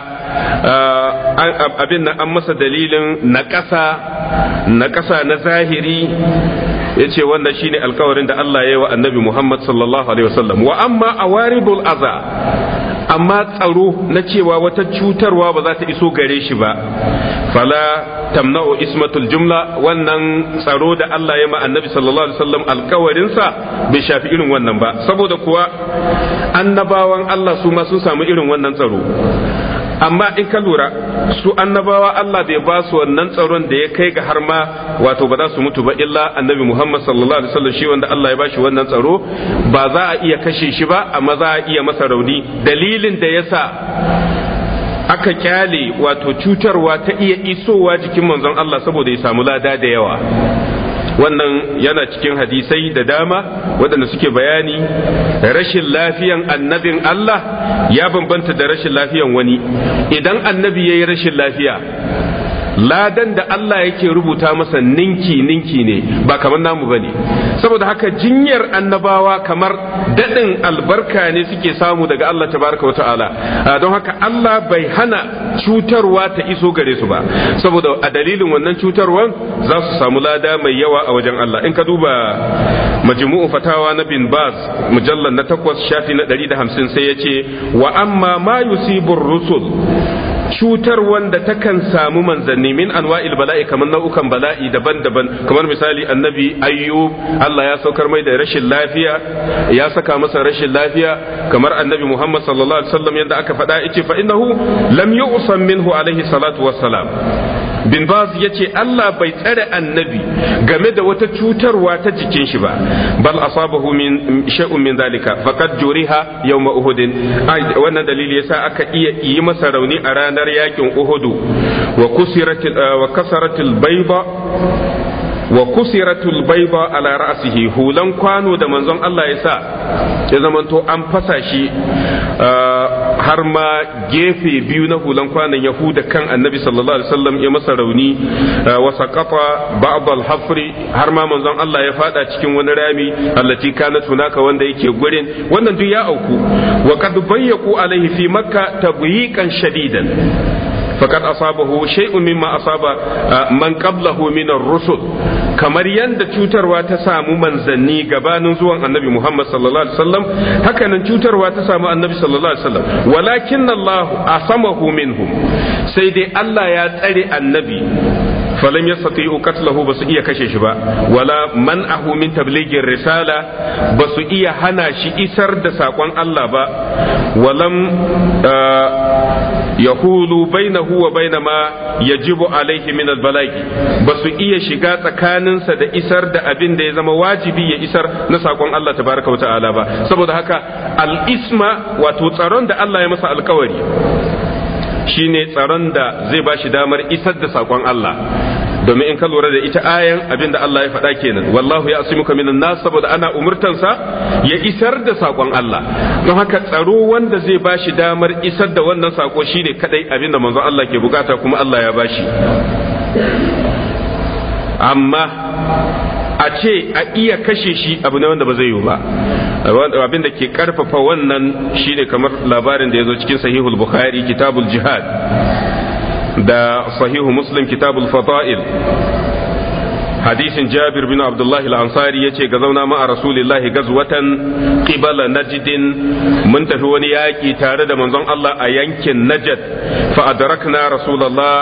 eh, abin nan an masa dalilin na ƙasa na ƙasa na zahiri ya ce wannan shine alkawarin da Allah ya yi wa annabi Muhammad sallallahu alaihi wasallam wa amma awaridul aza amma tsaro na cewa wata cutarwa ba za ta iso gare shi ba fala tamna'u ismatul jumla wannan tsaro da Allah ya ma annabi sallallahu alaihi wasallam alkawarin sa bai shafi irin wannan ba saboda kuwa annabawan Allah su ma sun samu irin wannan tsaro amma in ka lura su annabawa Allah bai ba su wannan tsaron da ya kai ga har ma wato ba za su mutu ba illa annabi Muhammad sallallahu alaihi wasallam shi wanda Allah ya bashi wannan tsaro ba za a iya kashe shi ba amma za a iya masa rauni dalilin da yasa aka kyale wato cutarwa ta iya isowa jikin manzon Allah saboda ya samu lada da yawa wannan yana cikin hadisai da dama waɗanda suke bayani rashin lafiyan annabin Allah ya bambanta da rashin lafiyan wani idan annabi ya yi rashin lafiya ladan da Allah yake rubuta masa ninki ninki ne ba kamar namu bane saboda haka jinyar annabawa kamar dadin albarka ne suke samu daga Allah tabaraka wata'ala don haka Allah bai hana cutarwa ta iso gare su ba saboda a dalilin wannan cutarwan za su samu lada mai yawa a wajen Allah in ka duba majmu'u fatawa na bin bas mujallal na takwas shafi na 150 sai yace wa amma ma yusibur rusul cutar wanda takan samu manzanni min anwa'il bala'i kamar nau'ukan bala'i daban-daban kamar misali annabi ayyub Allah ya saukar mai da rashin lafiya ya saka masa rashin lafiya kamar annabi Muhammad sallallahu alaihi wasallam yadda aka faɗa yace fa innahu lam yu'sam minhu alaihi salatu wassalam bin baz ya ce Allah bai tsare annabi game da wata cutarwa ta jikin shi ba bal asabahu min shay'un min zalika faqad juriha yawma uhud wannan dalili yasa aka iya yi masa rauni a ranar ranar yakin uhudu wa eh, kasaratil baiba wa kusiratul tulbaiba ala ra'sihi hulan kwano da manzon Allah ya sa ya zamanto an fasa shi uh, har ma gefe biyu na hulan kwanon yahuda kan annabi sallallahu alaihi wasallam ya masa rauni uh, wa saqata ba'd al hafri har ma manzon Allah ya fada cikin wani rami allati kanat hunaka wanda yake gurin wannan duk ya auku wa qad bayyaku alaihi fi makka tabyiqan shadidan faqad asabahu shay'un mimma asaba man qablahu min ar-rusul kamar yadda cutarwa ta samu manzanni gabanin zuwan annabi Muhammad sallallahu alaihi wasallam haka nan cutarwa ta samu annabi sallallahu alaihi wasallam walakin Allah asamahu minhum sai dai Allah ya tsare annabi falam yastati'u ba basu iya kashe shi ba wala man ahu min tablighir risala basu iya hana shi isar da sakon Allah ba walam uh, yahulu bainahu wa bainama yajibu alaihi min albalagi basu iya shiga tsakaninsa da isar da abin da ya zama wajibi ya isar na sakon Allah tabaraka wa ta'ala ba saboda haka al-isma wato tsaron da Allah ya masa alkawari Shi ne tsaron da zai ba shi damar isar da saƙon Allah domin in ka lura da ita ayan abinda Allah ya faɗa kenan wallahu ya asimu minan na saboda ana umurtansa ya isar da saƙon Allah don haka tsaro wanda zai ba shi damar isar da wannan saƙo sako ne kadai abinda manzon Allah ke bukata kuma Allah ya ba shi. amma a ce a iya kashe shi abu ne wanda ba zai yiwu ba abin da ke karfafa wannan shine kamar labarin da ya zo cikin sahihul bukhari kitabul jihad da sahihu muslim kitabul fata'il hadisin jabir bin abdullahi al-ansari ce ga zauna ma a rasulillahi gazwatan qibala najdin mun tafi wani yaki tare da manzon Allah a yankin najad fa adrakna rasulallah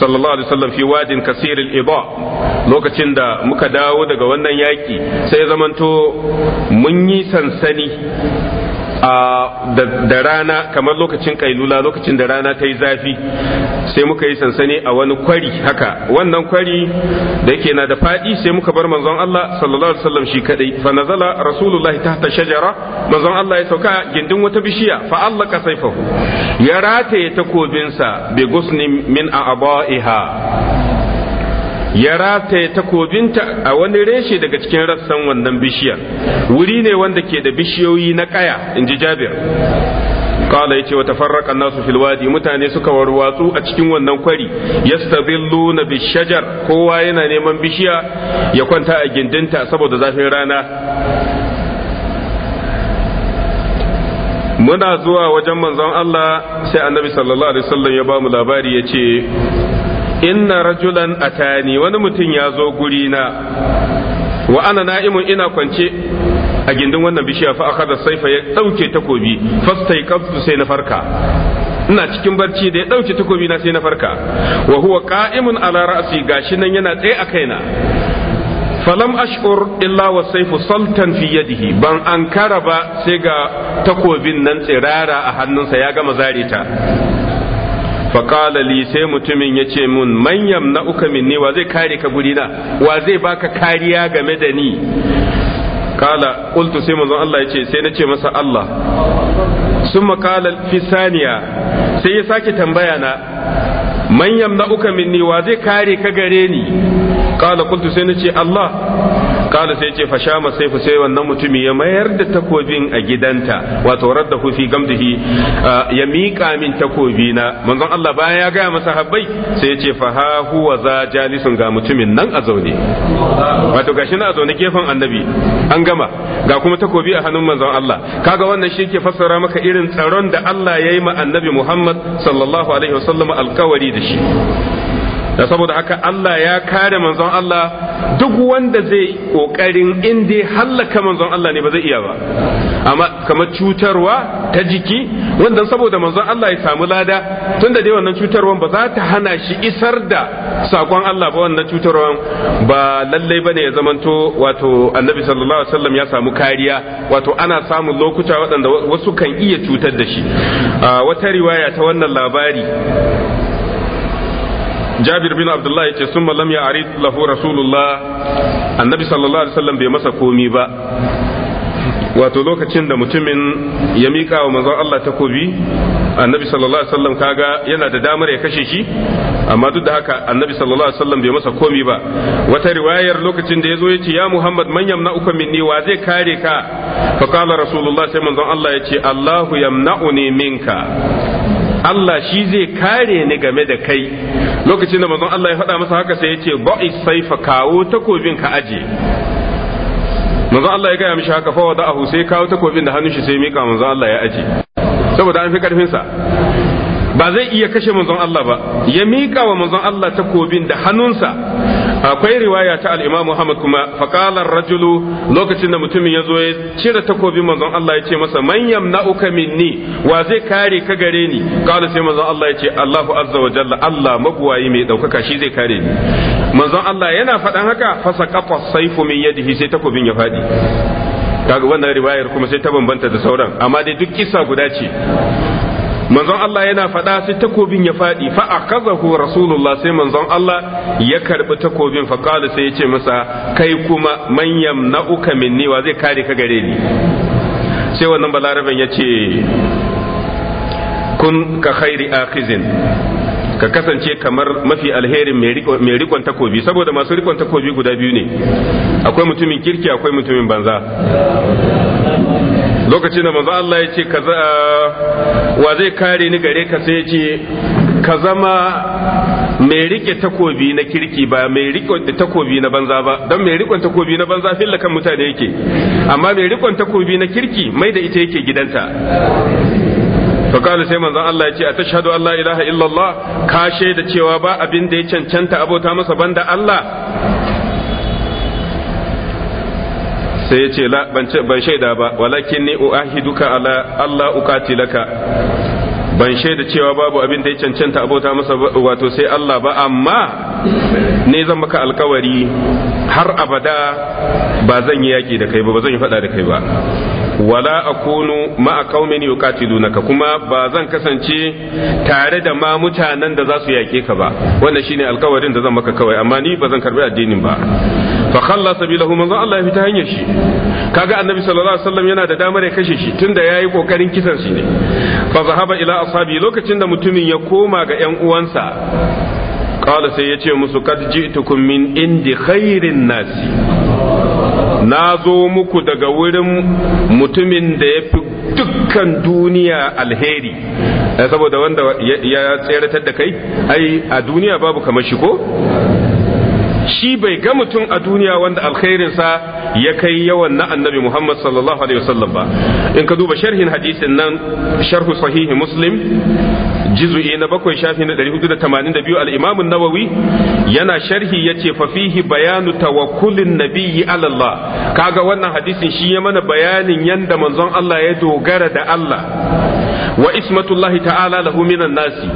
sallallahu alaihi wasallam fi wadin kasir al lokacin da muka dawo daga wannan yaki sai zamanto mun yi sansani da rana kamar lokacin kailula lokacin da rana ta yi zafi sai muka yi sansani a wani kwari haka wannan kwari da yake na da faɗi sai muka bar manzon Allah sallallahu alaihi wasallam shi kadai fa nazala rasulullahi tahta shajara manzon Allah ya sauka gindin wata bishiya fa ka saifahu ya rataye takobinsa bi gusnin min a'ba'iha ya rataye takobinta a wani reshe daga cikin rassan wannan bishiyar wuri ne wanda ke da bishiyoyi na kaya in ji jabir kala yace wata farraka nasu fil wadi mutane suka warwatsu a cikin wannan kwari na bishajar kowa yana neman bishiya ya kwanta a gindinta saboda zafin rana muna zuwa wajen manzon Allah sai annabi sallallahu alaihi wasallam ya ba mu labari yace inna rajulan atani wani mutum ya zo guri na wa ana na'imun ina kwance a gindin wannan bishiya fa aka da saifa ya dauke takobi fastai kaftu sai na farka ina cikin barci da ya dauke takobi na sai na farka wa huwa qa'imun ala ra'si gashi nan yana tsaye a kaina falam ash'ur illa wa saifu saltan fi yadihi ban ankara ba sai ga takobin nan tsirara a hannunsa ya gama zarita faƙala li sai mutumin ya ce mun manyan na uka minni wa zai kare ka guri na? wa zai baka kariya game da ni kala qultu sai manzon Allah ya ce sai na ce masa Allah sun makala fi saniya sai ya sake tambaya na manyan na uka minni wa zai kare ka gare ni kala qultu sai na ce Allah faƙala sai ce fasha masaifu sai wannan mutumi ya mayar da takobin a gidanta wato radda fi gamdihi ya miƙa min takobi na manzon Allah bayan ya gaya masa habbai sai ya ce fa ha huwa za jalisun ga mutumin nan a zaune wato gashi na a zaune gefen annabi an gama ga kuma takobi a hannun manzon Allah kaga wannan shi ke fassara maka irin tsaron da Allah ya yi ma annabi Muhammad sallallahu alaihi wasallam alkawari da shi da saboda haka Allah ya kare manzon Allah duk wanda zai kokarin in dai hallaka manzon Allah ne ba zai iya ba amma kamar cutarwa ta jiki wanda saboda manzon Allah ya samu lada tun da dai wannan cutarwan ba za ta hana shi isar da sakon Allah ba wannan cutarwan ba lallai bane ya zamanto wato Annabi sallallahu alaihi wasallam ya samu kariya wato ana samun lokuta waɗanda wasu kan iya cutar da shi wata riwaya ta wannan labari jabir bin abdullahi ce sun lam ya ari lahu rasulullah annabi sallallahu alaihi wasallam bai masa komi ba wato lokacin da mutumin ya miƙa wa manzon Allah takobi annabi sallallahu alaihi wasallam kaga yana da damar ya kashe shi amma duk da haka annabi sallallahu alaihi wasallam bai masa komi ba wata riwayar lokacin da yazo yace ya muhammad man yamna'uka minni wa zai kare ka fa qala rasulullah sai manzon Allah yace Allahu yamna'uni minka Allah shi zai kare ni game da kai lokacin da manzon Allah ya faɗa masa haka sai ya ce ba'i saifa kawo takobin ka aje manzon Allah ya gaya mishi haka fa wada ahu sai kawo takobin da hannun shi sai mika manzon Allah ya aje saboda an fi karfin sa ba zai iya kashe manzon Allah ba ya mika wa manzon Allah takobin da hannunsa akwai riwaya ta al Muhammad kuma faqala rajulu lokacin da mutumin ya zo ya cire takobin manzon Allah ya ce masa man yamna'uka minni wa zai kare ka gare ni qala sai manzon Allah ya ce Allahu azza wa jalla Allah maguwayi mai daukaka shi zai kare ni manzon Allah yana faɗan haka fasa kafa saifu min yadihi sai takobin ya faɗi kaga wannan riwayar kuma sai ta bambanta da sauran amma dai duk kisa guda ce manzon Allah yana faɗa sai takobin ya faɗi fa akazahu rasulullah sai manzon Allah ya karbi takobin fa qala sai ya ce masa kai kuma man yamna'uka minni wa zai kare ka gare ni sai wannan balaraban ya ce kun ka khairi akhizin ka kasance kamar mafi alherin mai rikon takobi saboda masu rikon takobi guda biyu ne akwai mutumin kirki akwai mutumin banza lokacin da manzo Allah ya ce wa zai kare ni gare ka sai ya ce ka zama mai rike takobi na kirki ba mai rike takobi na banza ba don mai rikon takobi na banza filla kan mutane yake amma mai rikon takobi na kirki mai da ita yake gidanta kana sai manzo Allah ya ce a tashhadu an la ilaha illallah ka shaida cewa ba abin da ya cancanta abota masa banda Allah sai ya ce ban shaida ba walakin ni uahiduka ala Allah ukatilaka ban shaida cewa babu abin da ya cancanta abota masa wato sai Allah ba amma ne zan maka alkawari har abada ba zan yi yaki da kai ba ba zan yi fada da kai ba wala akunu ma'a qaumin yuqatilunaka kuma ba zan kasance tare da ma mutanen da za su yake ka ba wannan shine alkawarin da zan maka kawai amma ni ba zan karbi addinin ba fa khalla sabilahu manzo Allah ya fita hanyar shi kaga annabi sallallahu alaihi wasallam yana da damar ya kashe shi tunda yayi kokarin kisan shi ne fa zahaba ila ashabi lokacin da mutumin ya koma ga yan uwansa qala sai ya musu kad ji'tukum min indi khairin nasi na zo muku daga wurin mutumin da ya fi dukkan duniya alheri eh, saboda wanda ya tseratar da kai ai a duniya babu kamar shi ko shi bai ga mutum a duniya wanda alkhairinsa ya kai yawan na annabi Muhammad sallallahu alaihi wasallam ba in ka duba sharhin hadisin nan sharhu sahihi muslim jizu'i na bakwai shafi na 482 al nawawi yana sharhi ya ce fafihi bayanu tawakkulin nabiyyi ala Ka kaga wannan hadisin shi ya mana bayanin yanda manzon Allah ya dogara da Allah wa ismatullahi ta'ala lahu minan nasi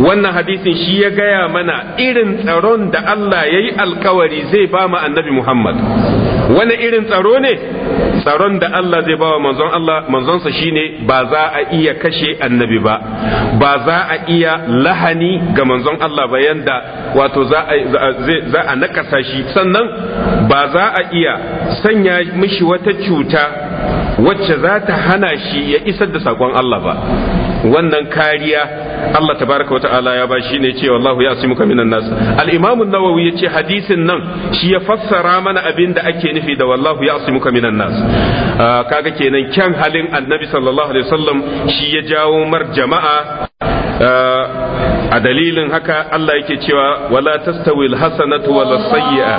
wannan hadisin shi ya gaya mana irin tsaron da Allah ya yi alkawari zai ba ma annabi Muhammad wani irin tsaro ne tsaron da Allah zai ba wa manzon Allah manzonsa shine ba za a iya kashe annabi ba ba za a iya lahani ga manzon Allah ba yanda wato za a nakasa shi sannan ba za a iya sanya mishi wata cuta wacce za ta hana shi ya isar da sakon Allah ba wannan kariya Allah tabaraka wata'ala ya ba shi ne cewa Allah ya asimu ka minan nas al-imam an-nawawi yace hadisin nan shi ya fassara mana abin da ake nufi da wallahu ya asimu ka minan nas ah, kaga kenan kyan halin annabi sallallahu alaihi wasallam shi ya jawo mar jama'a ah, a dalilin haka Allah yake cewa wala tastawil hasanatu wala sayyi'a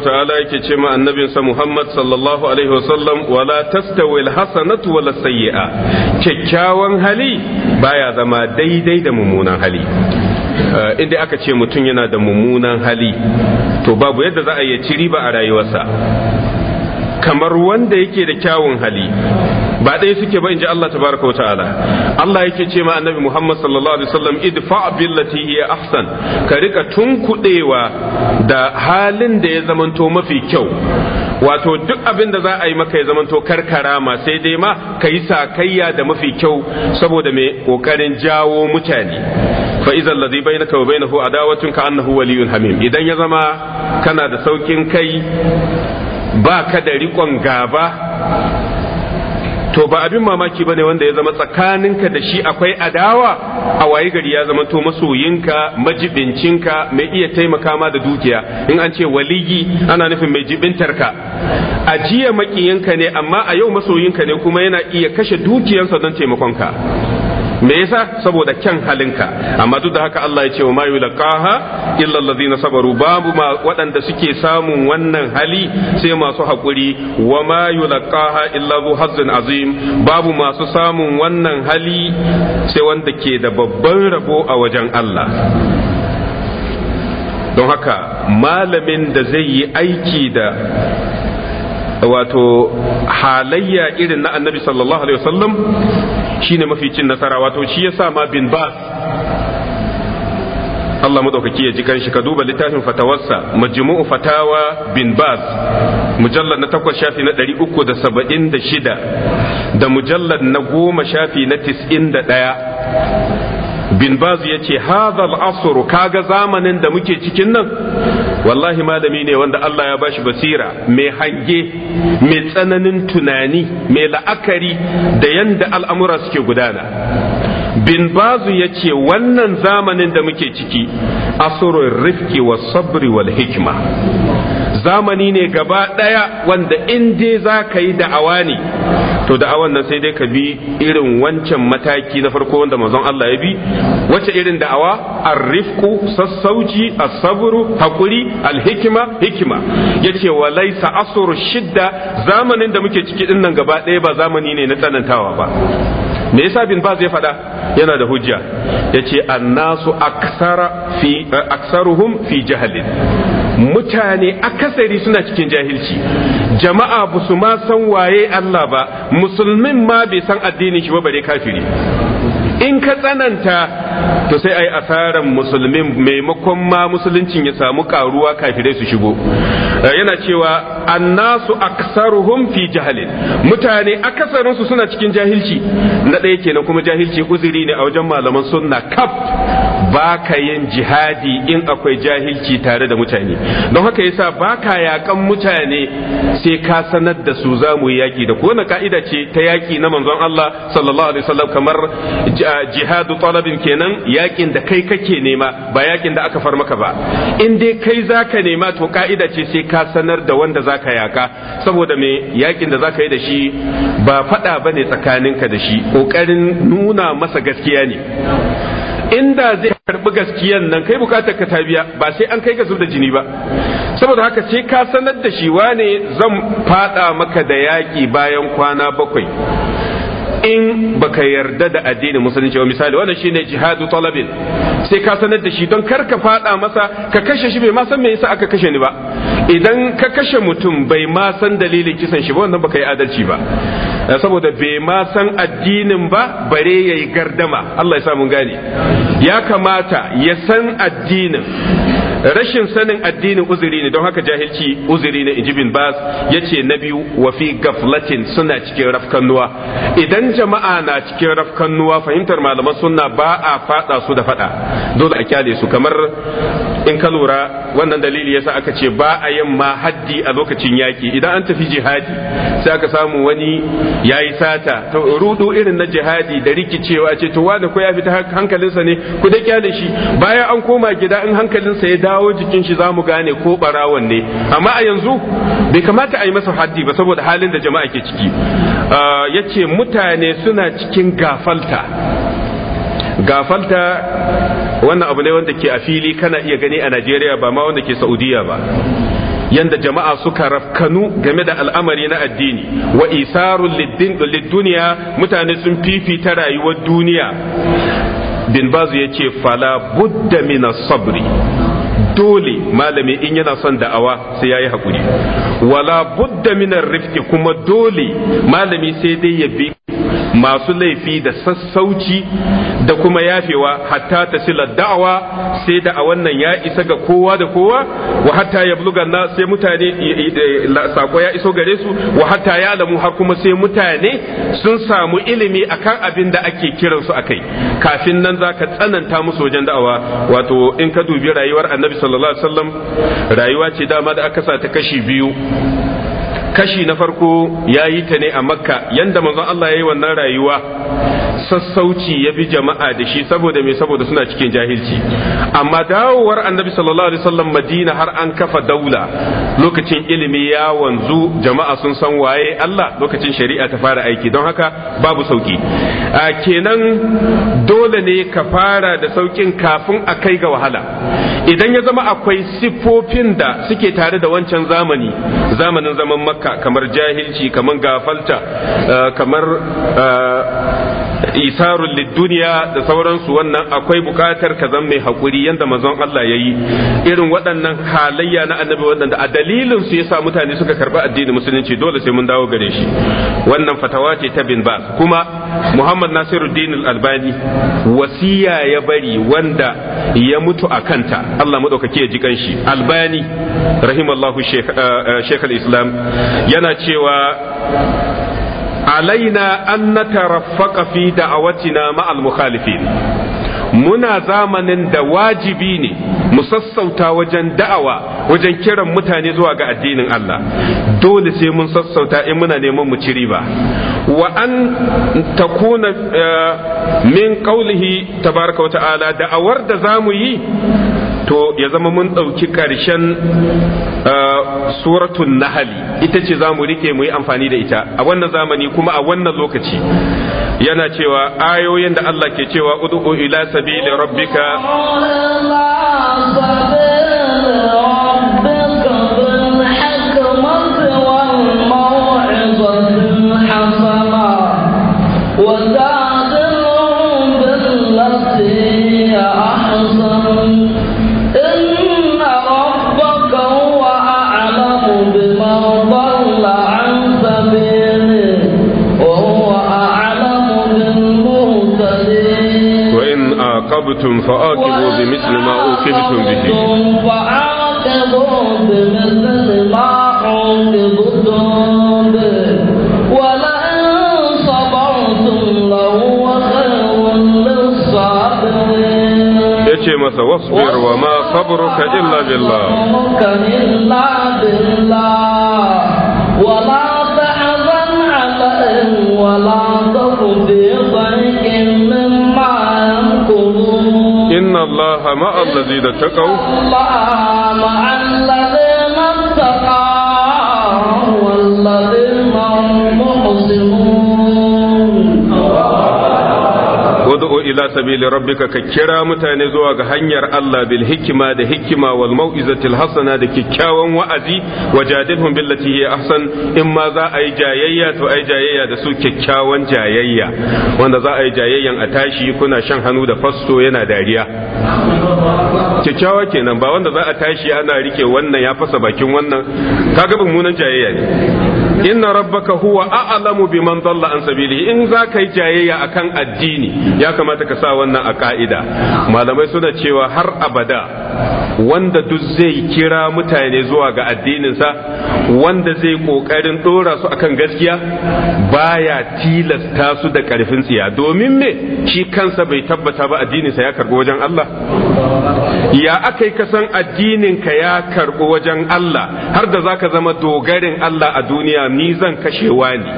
wa ta'ala yake ce ma annabinsa Muhammad sallallahu alaihi wasallam wala tastawil hasanatu wala sayyi'a kyakkyawan hali baya zama daidai da mummunan hali eh, inda aka ce mutum yana da mummunan hali to babu yadda za a yi ci riba a rayuwarsa kamar wanda yake da kyawun hali ba ɗaya suke ba in ji Allah tabaraka wa ta'ala Allah yake ce ma annabi Muhammad sallallahu alaihi wasallam idfa billati hiya ahsan ka rika tunkudewa da halin da ya zamanto mafi kyau wato duk abin da za a yi maka ya zamanto karkara ma sai dai ma ka yi sakayya da mafi kyau saboda mai kokarin jawo mutane fa idan ladhi bainaka wa bainahu adawatun ka annahu waliyyun hamim idan ya zama kana da sauƙin kai ba ka da riƙon gaba to ba abin mamaki bane wanda ya zama tsakaninka da shi akwai adawa a wayi gari ya zama to masoyinka majibincinka mai iya taimaka ma da dukiya in an ce waliyi ana nufin mai jibintarka a jiya makiyinka ne amma a yau masoyinka ne kuma yana iya kashe dukiyansa don taimakonka me yasa saboda kyan halinka amma duk da haka Allah ya ce wa mayu laqaha illa allazina sabaru babu ma waɗanda suke samun wannan hali sai masu hakuri wa mayu laqaha illa zu hazzin azim babu masu samun wannan hali sai wanda ke da babban rabo a wajen Allah don haka malamin da zai yi aiki da wato halayya irin na annabi sallallahu alaihi wasallam shine mafi cin nasara wato shi yasa ma bin bas Allah madaukaki ya ji kanshi ka duba littafin fatawarsa majmu'u fatawa bin bas mujallad na takwas shafi na ɗari uku da saba'in da shida da mujallad na goma shafi na tis'in da ɗaya bin bazu ya ce hazal asuru kaga zamanin da muke cikin nan wallahi malami ne wanda Allah ya bashi basira mai hange mai tsananin tunani mai la'akari da yanda al'amura suke gudana bin bazu ya ce wannan zamanin da muke ciki asurin rifki wa sabri wal hikima zamani ne gaba ɗaya wanda in dai za ka yi da'awa ne to da'awan nan sai dai ka bi irin wancan mataki na farko wanda manzon Allah ya bi wace irin da'awa arrifku sassauci asabru hakuri alhikima hikima yace wa laysa shidda zamanin da muke ciki ɗinnan nan gaba ɗaya ba zamani ne na tsanantawa ba me yasa bin baz ya faɗa yana da hujja yace annasu aksara fi aksaruhum fi jahalin mutane akasari suna cikin jahilci jama'a ba su ma san waye Allah ba musulmin ma bai san addinin shi ba bare kafiri in ka tsananta to sai ai asaran musulmin maimakon ma musuluncin ya samu karuwa kafirai su shigo eh, yana cewa annasu aksaruhum fi jahalin mutane akasarin su suna cikin jahilci na ɗaya kenan kuma jahilci uzuri ne a wajen malaman sunna kaf ba ka yin jihadi in akwai jahilci tare da mutane don haka yasa ba ka yakan mutane sai ka sanar da su za mu yi yaki da kowane ka'ida ce ta yaki na manzon Allah sallallahu alaihi wasallam kamar jihadu talabin kenan yaƙin da kai kake nema ba yakin da aka far maka ba in dai kai zaka nema to ka'ida ce sai ka sanar da wanda zaka yaƙa, saboda me yaƙin da zaka yi da shi ba fada bane tsakaninka da shi kokarin nuna masa gaskiya ne inda zai karbi gaskiyan nan kai bukatar ka tabiya ba sai an kai ga da jini ba saboda haka sai ka sanar da shi wane zan fada maka da yaƙi bayan kwana bakwai in baka yarda da addinin musulunci ba misali wannan shine jihadu talabin sai ka sanar da shi don kar ka fada masa ka kashe shi bai ma san me yasa aka kashe ni ba idan ka kashe mutum bai ma san dalilin kisan shi ba wannan baka yi adalci ba eh, saboda bai ma san addinin ba bare yayi gardama Allah ya sa mun gane ya kamata ya san addinin rashin sanin addinin uzuri ne don haka jahilci uzuri ne injibin bas bas yace na biyu wafi gaflatin suna cikin rafkannuwa idan jama'a na cikin rafkannuwa fahimtar malaman sunna ba a fada su da fada dole a kyale su kamar in ka lura wannan dalili yasa aka ce ba a yamma haddi a lokacin yaki idan an tafi jihadi sai aka samu wani yayi sata to rudu irin na jihadi da rikicewa ce to wanda ko ya fita hankalinsa ne ku da kyale shi bayan an koma gida in hankalinsa ya dawo jikin shi zamu gane ko barawon ne amma a yanzu bai kamata a yi masa haddi ba saboda halin da jama'a ke ciki ah, yace mutane suna cikin gafalta gafalta wannan abu ne wanda ke a fili kana iya gani a najeriya ba ma wanda ke saudiya ba yanda jama'a suka rafkanu game da al'amari na addini wa isarun lidduniya mutane sun fifita rayuwar duniya bin bazu ya ce fala budda mina sabri dole malami in yana son da'awa sai ya yi haƙuri wala budda mina rifki kuma dole malami sai dai ya bi masu laifi da sassauci da kuma yafewa hatta ta sila da'awa sai da a wannan ya isa ga kowa da kowa wa hatta ya bluga na sai mutane sako ya iso gare su wa hatta ya lamu har kuma sai mutane sun samu ilimi akan abin da ake kiran su akai kafin nan zaka tsananta musu wajen da'awa wato in ka dubi rayuwar annabi sallallahu alaihi wasallam rayuwa ce dama da aka sa ta kashi biyu kashi na farko ya yi ta ne a makka yanda manzon Allah ya yi wannan rayuwa sassauci ya bi jama'a da shi saboda mai saboda suna cikin jahilci amma dawowar annabi sallallahu alaihi wasallam madina har an kafa daula lokacin ilimi ya wanzu jama'a sun san waye Allah lokacin shari'a ta fara aiki don haka babu sauki a kenan dole ne ka fara da saukin kafin a kai ga wahala idan ya zama akwai siffofin da suke tare da wancan zamani zamanin zaman makka kamar jahilci kamar gafalta eh, kamar eh, isarul lidduniya da sauransu wannan akwai bukatar ka zan mai hakuri yanda mazan Allah yayi irin waɗannan halayya na annabi waɗanda a dalilin su yasa mutane suka karba addinin musulunci dole sai mun dawo gare shi wannan fatawa ce ta bin kuma Muhammad Nasiruddin Al-Albani wasiya ya bari wanda ya mutu a kanta Allah madaukake ya ji kanshi Albani rahimallahu Sheikh eh, eh, islam yana cewa alaina an nataraffaqa fi da'awatina ma'al mukhalifin muna zamanin da wajibi ne mu sassauta wajen da'awa wajen kiran mutane zuwa ga addinin Allah dole sai mun sassauta in muna neman mu ci riba wa an takuna min qaulihi tabaraka wata'ala da'awar da zamu yi to ya zama mun ɗauki ƙarshen uh, suratun nahali ita ce za mu rike mu yi amfani da ita a wannan zamani kuma a wannan lokaci yana cewa ayoyin da Allah ke cewa udu ila sabili rabbika أنتم فآكبوا بمثل ما أوكبتم به فآكبوا بمثل ما أوكبتم به ولئن صبرتم لهو خير للصابرين يتي واصبر وما صبرك إلا بالله إلا بالله ولا تحزن عليهم ولا الله مع الذين اتقوا الله مع الذين ila sabili rabbika ka kira mutane zuwa ga hanyar Allah bil hikima da hikima wal mau'izatil hasana da kikkiawan wa'azi wajadilhum billati hiya ahsan in ma za a yi jayayya to ai jayayya da su kikkiawan jayayya wanda za a yi jayayyan a tashi kuna shan hannu da fasto yana dariya kikkiawa kenan ba wanda za a tashi ana rike wannan ya fasa bakin wannan kaga mummunan jayayya ne inna rabbaka huwa a'lamu biman dalla an sabilihi in za ka yi jayayya akan addini ya kamata ka sa wannan a ka'ida malamai suna cewa har abada wanda duk zai kira mutane zuwa ga addininsa wanda zai kokarin dora su akan gaskiya baya tilasta su da karfin tsiya domin me shi kansa bai tabbata ba addininsa ya karbi wajen Allah ya akai ka san addininka ya karbi wajen Allah har da zaka zama dogarin Allah a duniya ni zan kashe wani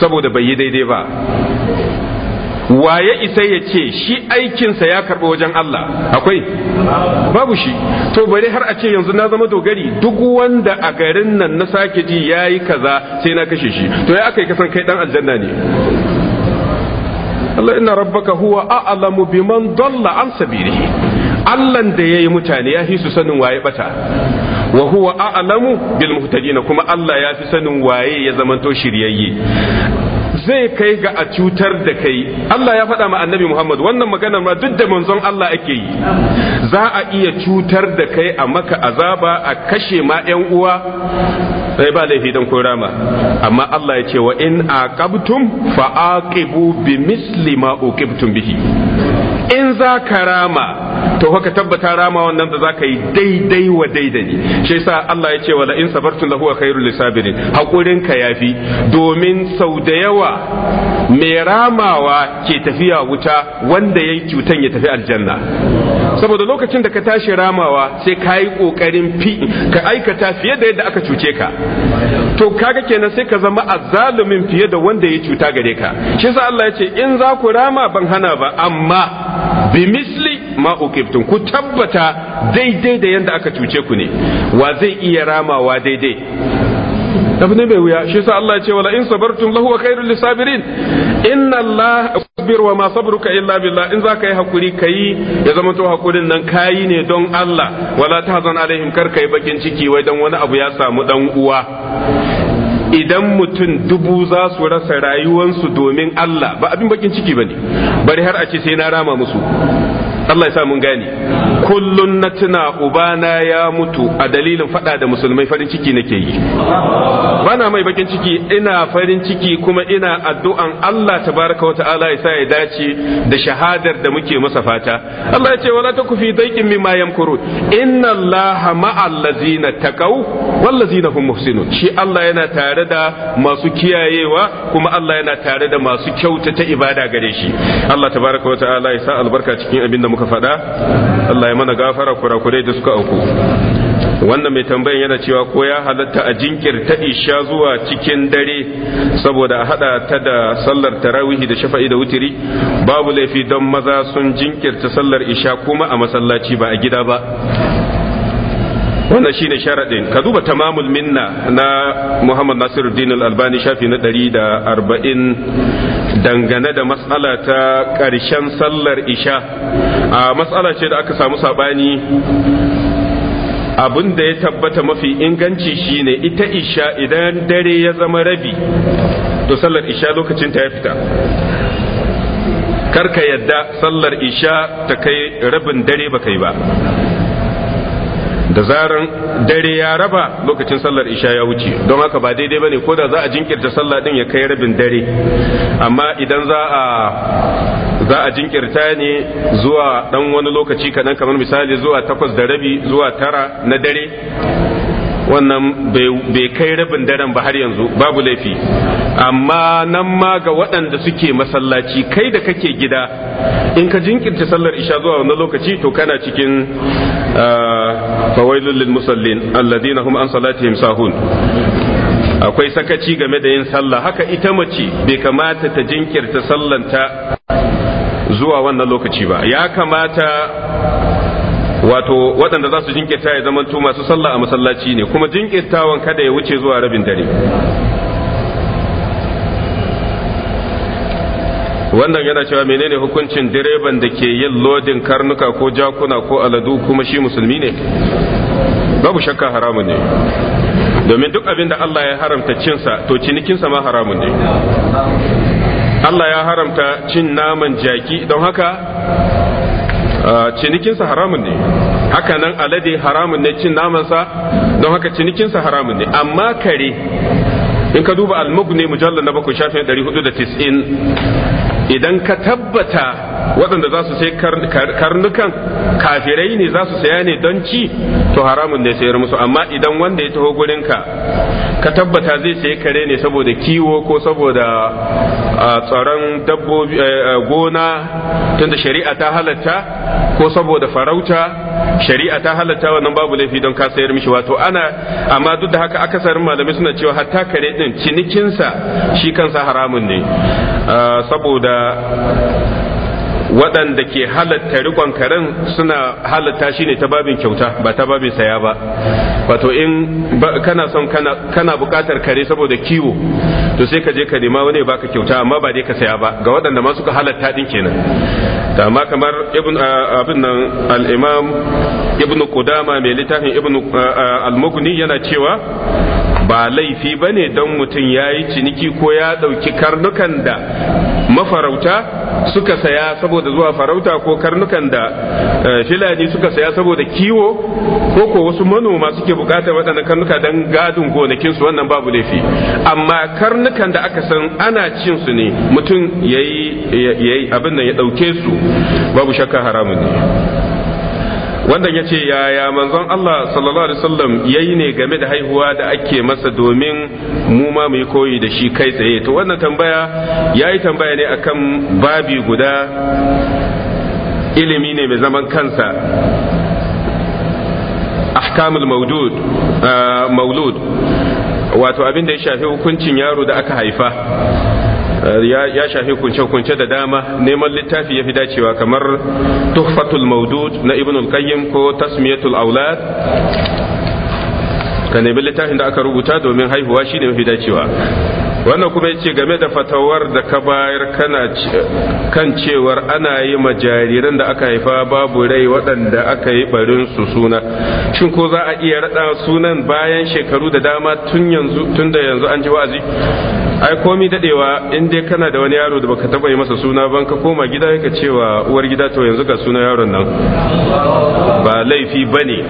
saboda bai yi daidai ba Wa ya isa ya ce shi aikinsa ya karɓi wajen Allah akwai babu shi to bari har a ce yanzu na zama dogari duk wanda a garin nan na sake ji ya yi kaza sai na kashe shi to ya aka yi kasan kai ɗan aljanna ne Allah inna rabbaka huwa a'lamu biman dalla an sabilihi Allah da yayi mutane ya fi su sanin waye bata wa huwa a'lamu bil muhtadin kuma Allah ya fi sanin waye ya zamanto shiryayye zai kai ga a cutar da kai Allah ya faɗa ma annabi Muhammad wannan magana ma duk da manzon Allah ake yi za a iya cutar da kai a maka azaba a kashe ma ƴan uwa sai ba laifi dan ko rama amma Allah ya ce wa in aqabtum fa aqibu bi misli ma uqibtum bihi in za ka rama to ka tabbata rama wannan da za ka yi daidai wa daidai shi yasa Allah ya ce wala in sabartu lahu khairul lisabirin hakurin ka yafi domin sau da yawa mai ramawa ke tafiya wuta wanda yayi cutan ya tafi aljanna saboda lokacin da ka tashi ramawa sai ka yi kokarin fi ka aikata fiye da yadda aka cuce ka to kaga kenan sai ka zama azzalumin fiye da wanda ya cuta gare ka shi yasa Allah ya ce in za ku rama ban hana ba amma bi misli ma ukiftum ku tabbata daidai da yadda aka cuce ku ne wa zai iya ramawa daidai abu ne mai wuya shi sa Allah ce wala in sabartum lahu wa khairul lisabirin inna Allah asbir wa ma sabruka illa billah in zaka yi hakuri kayi ya zama to hakurin nan kai ne don Allah wala tahzan alaihim kar kai bakin ciki wai dan wani abu ya samu dan uwa idan mutum dubu za su rasa rayuwansu domin Allah ba abin bakin ciki ba ne bari har a ce sai na rama musu Allah ya sa mun gane kullun na tuna ubana ya mutu a dalilin fada da musulmai farin ciki nake yi bana mai bakin ciki ina farin ciki kuma ina addu'an Allah tabaraka wa ta'ala ya sa ya dace da shahadar da muke masa fata Allah ya ce wala ta fi daikin mimma yamkurun inna Allah ma'al ta taqaw wal hum muhsinun shi Allah yana tare tare da masu kiyayewa kuma Allah yana tare da masu kyautata ibada gare shi Allah tabaraka wa ta'ala ya sa albarka cikin abin da muka faɗa Allah ya mana gafara kurakurai da suka auku wannan mai tambayan yana cewa ko ya halatta a jinkirta isha zuwa cikin dare saboda a hada ta da sallar tarawihi da shafa'i da wutiri babu laifi don maza sun jinkirta sallar isha kuma a masallaci ba a gida ba wannan shine sharaɗin ka duba tamamul minna na Muhammad Nasiruddin Al-Albani shafi na ɗari da arba'in dangane da matsala ta ƙarshen sallar isha a matsala ce da aka samu saɓani abin da ya tabbata mafi inganci shine ita isha idan dare ya zama rabi to sallar isha lokacin ta ya fita karka yadda sallar isha ta kai rabin dare ba kai ba da zaran dare ya raba lokacin sallar isha ya wuce don haka ba daidai bane ko da za a jinkirta sallah din ya kai rabin dare amma idan za a za a jinkirta ne zuwa dan wani lokaci kaɗan kamar misali zuwa takwas da rabi zuwa tara na dare wannan bai kai rabin daren ba har yanzu babu laifi amma nan ma ga waɗanda suke masallaci kai da kake gida in ka jinkirta sallar isha zuwa wani lokaci to kana cikin ah, Fawailullin lil musallin alladina hum an salatihim sahun akwai sakaci game da yin sallah haka ita mace bai kamata ta jinkirta sallanta zuwa wannan lokaci ba ya kamata wato waɗanda za su jinkirta ya zama to masu sallah a masallaci ne kuma jinkirtawan kada ya wuce zuwa rabin dare wannan yana cewa menene hukuncin direban da ke yin lodin karnuka ko jakuna ko aladu kuma shi musulmi ne babu shakka haramun ne domin duk abin da Allah ya haramta cinsa to cinikinsa ma haramun ne Allah ya haramta cin naman jaki don haka Ah, cinikinsa haramun ne haka nan alade haramun ne cin namansa don haka cinikinsa haramun ne amma kare in ka duba almugni mujallar na bakwai shafin 490 idan ka tabbata waɗanda za su sai karnukan kafirai ne za su saya ne don ci to haramun ne sayar musu amma idan wanda ya taho gurinka ka tabbata zai sayi kare ne saboda kiwo ko saboda tsaron dabbobi eh, eh, gona tunda shari'a ta halatta ko saboda farauta shari'a ta halatta wannan babu laifi don ka sayar mishi wato ana amma duk da haka akasarin malamai suna cewa hatta kare din cinikinsa shi kansa haramun ne saboda waɗanda ke halatta rikon karen suna halatta shi ne ta babin kyauta ba ta babin saya ba wato in kana son kana buƙatar kare saboda kiwo to sai ka je ka nema wani baka kyauta amma ba dai ka saya ba ga waɗanda ma suka halatta din kenan da amma kamar ibn abin nan al-imam ibn qudama mai littafin ibn al-mughni yana cewa ba laifi ba ne don mutum ya yi ciniki ko ya ɗauki karnukan da mafarauta suka saya saboda zuwa farauta ko karnukan da eh, filani suka saya saboda kiwo ko ko wasu manoma suke bukatar waɗannan karnuka don gadin gonakinsu wannan babu laifi amma karnukan da aka san ana cin su ne mutum ya yi abin nan ya ɗauke su babu shakka haramun ne wanda ya ce yaya manzon Allah sallallahu alaihi wasallam yayi ne game da haihuwa da ake masa domin mu ma mu yi koyi da shi kai tsaye to wannan tambaya yayi tambaya ne akan babi guda ilimi ne mai zaman kansa ahkamul mawdud ah, maulud wato abin da ya shafi hukuncin yaro da aka haifa Eh, ya shafi kunce-kunce da dama neman littafi ya fi dacewa kamar tuhfatul maudud na ibn al-qayyim ko tasmiyatul aulad ka nemi littafin da aka rubuta domin haihuwa shine mafi dacewa wannan kuma yace game da fatawar da ka bayar kana kan cewar ana yi ma jariran da aka haifa babu rai waɗanda aka yi barin su suna shin ko za a iya raɗa sunan bayan shekaru da dama tun yanzu tun da yanzu an ji wa'azi ai komi dadewa in dai kana da wani yaro da baka taba yi masa suna ban ka koma gida ka cewa uwar gida to yanzu ga suna yaron nan ba laifi bane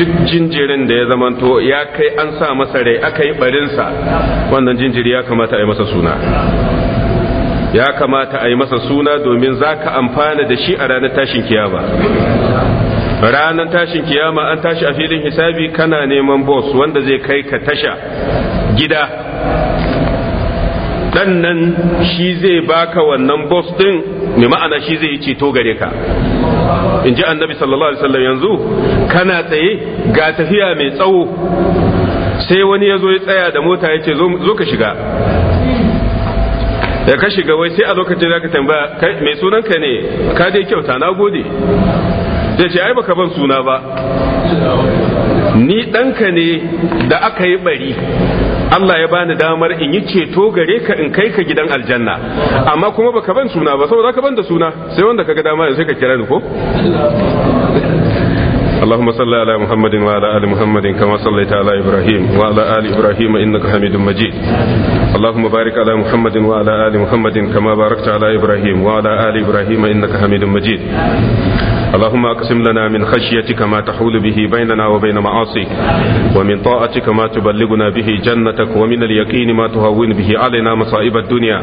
duk jinjirin da ya zamanto ya kai an sa masa rai aka yi barinsa wannan jinjiri ya kamata a yi masa suna ya kamata a yi masa suna domin za ka amfana da shi a ranar tashin kiyama ranar tashin kiyama an tashi a filin hisabi kana neman boss wanda zai kai ka tasha gida dan nan shi zai baka wannan boss din mai ma'ana shi zai yi ceto gare ka in ji annabi sallallahu alaihi wasallam yanzu kana tsaye ga tafiya mai tsawo sai wani ya zo ya tsaya da mota ya ce zo ka shiga da ka shiga wai sai a lokacin za ka tambaya mai sunan ka ne ka dai kyauta na gode zai ce ai baka ban suna ba ni ɗanka ne da aka yi bari Allah ya bani damar in yi ceto gare ka in kai ka gidan aljanna amma kuma baka ban suna ba saboda ka ban da suna sai wanda ka ga dama sai ka kira ni ko اللهم صل على محمد وعلى ال محمد كما صليت على ابراهيم وعلى ال ابراهيم انك حميد مجيد اللهم بارك على محمد وعلى ال محمد كما باركت على ابراهيم وعلى ال ابراهيم انك حميد مجيد اللهم اقسم لنا من خشيتك ما تحول به بيننا وبين معاصيك ومن طاعتك ما تبلغنا به جنتك ومن اليقين ما تهون به علينا مصائب الدنيا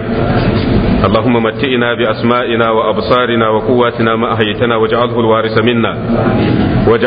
اللهم متئنا بأسمائنا وأبصارنا وقواتنا ما أحيتنا واجعله الوارث منا واجعل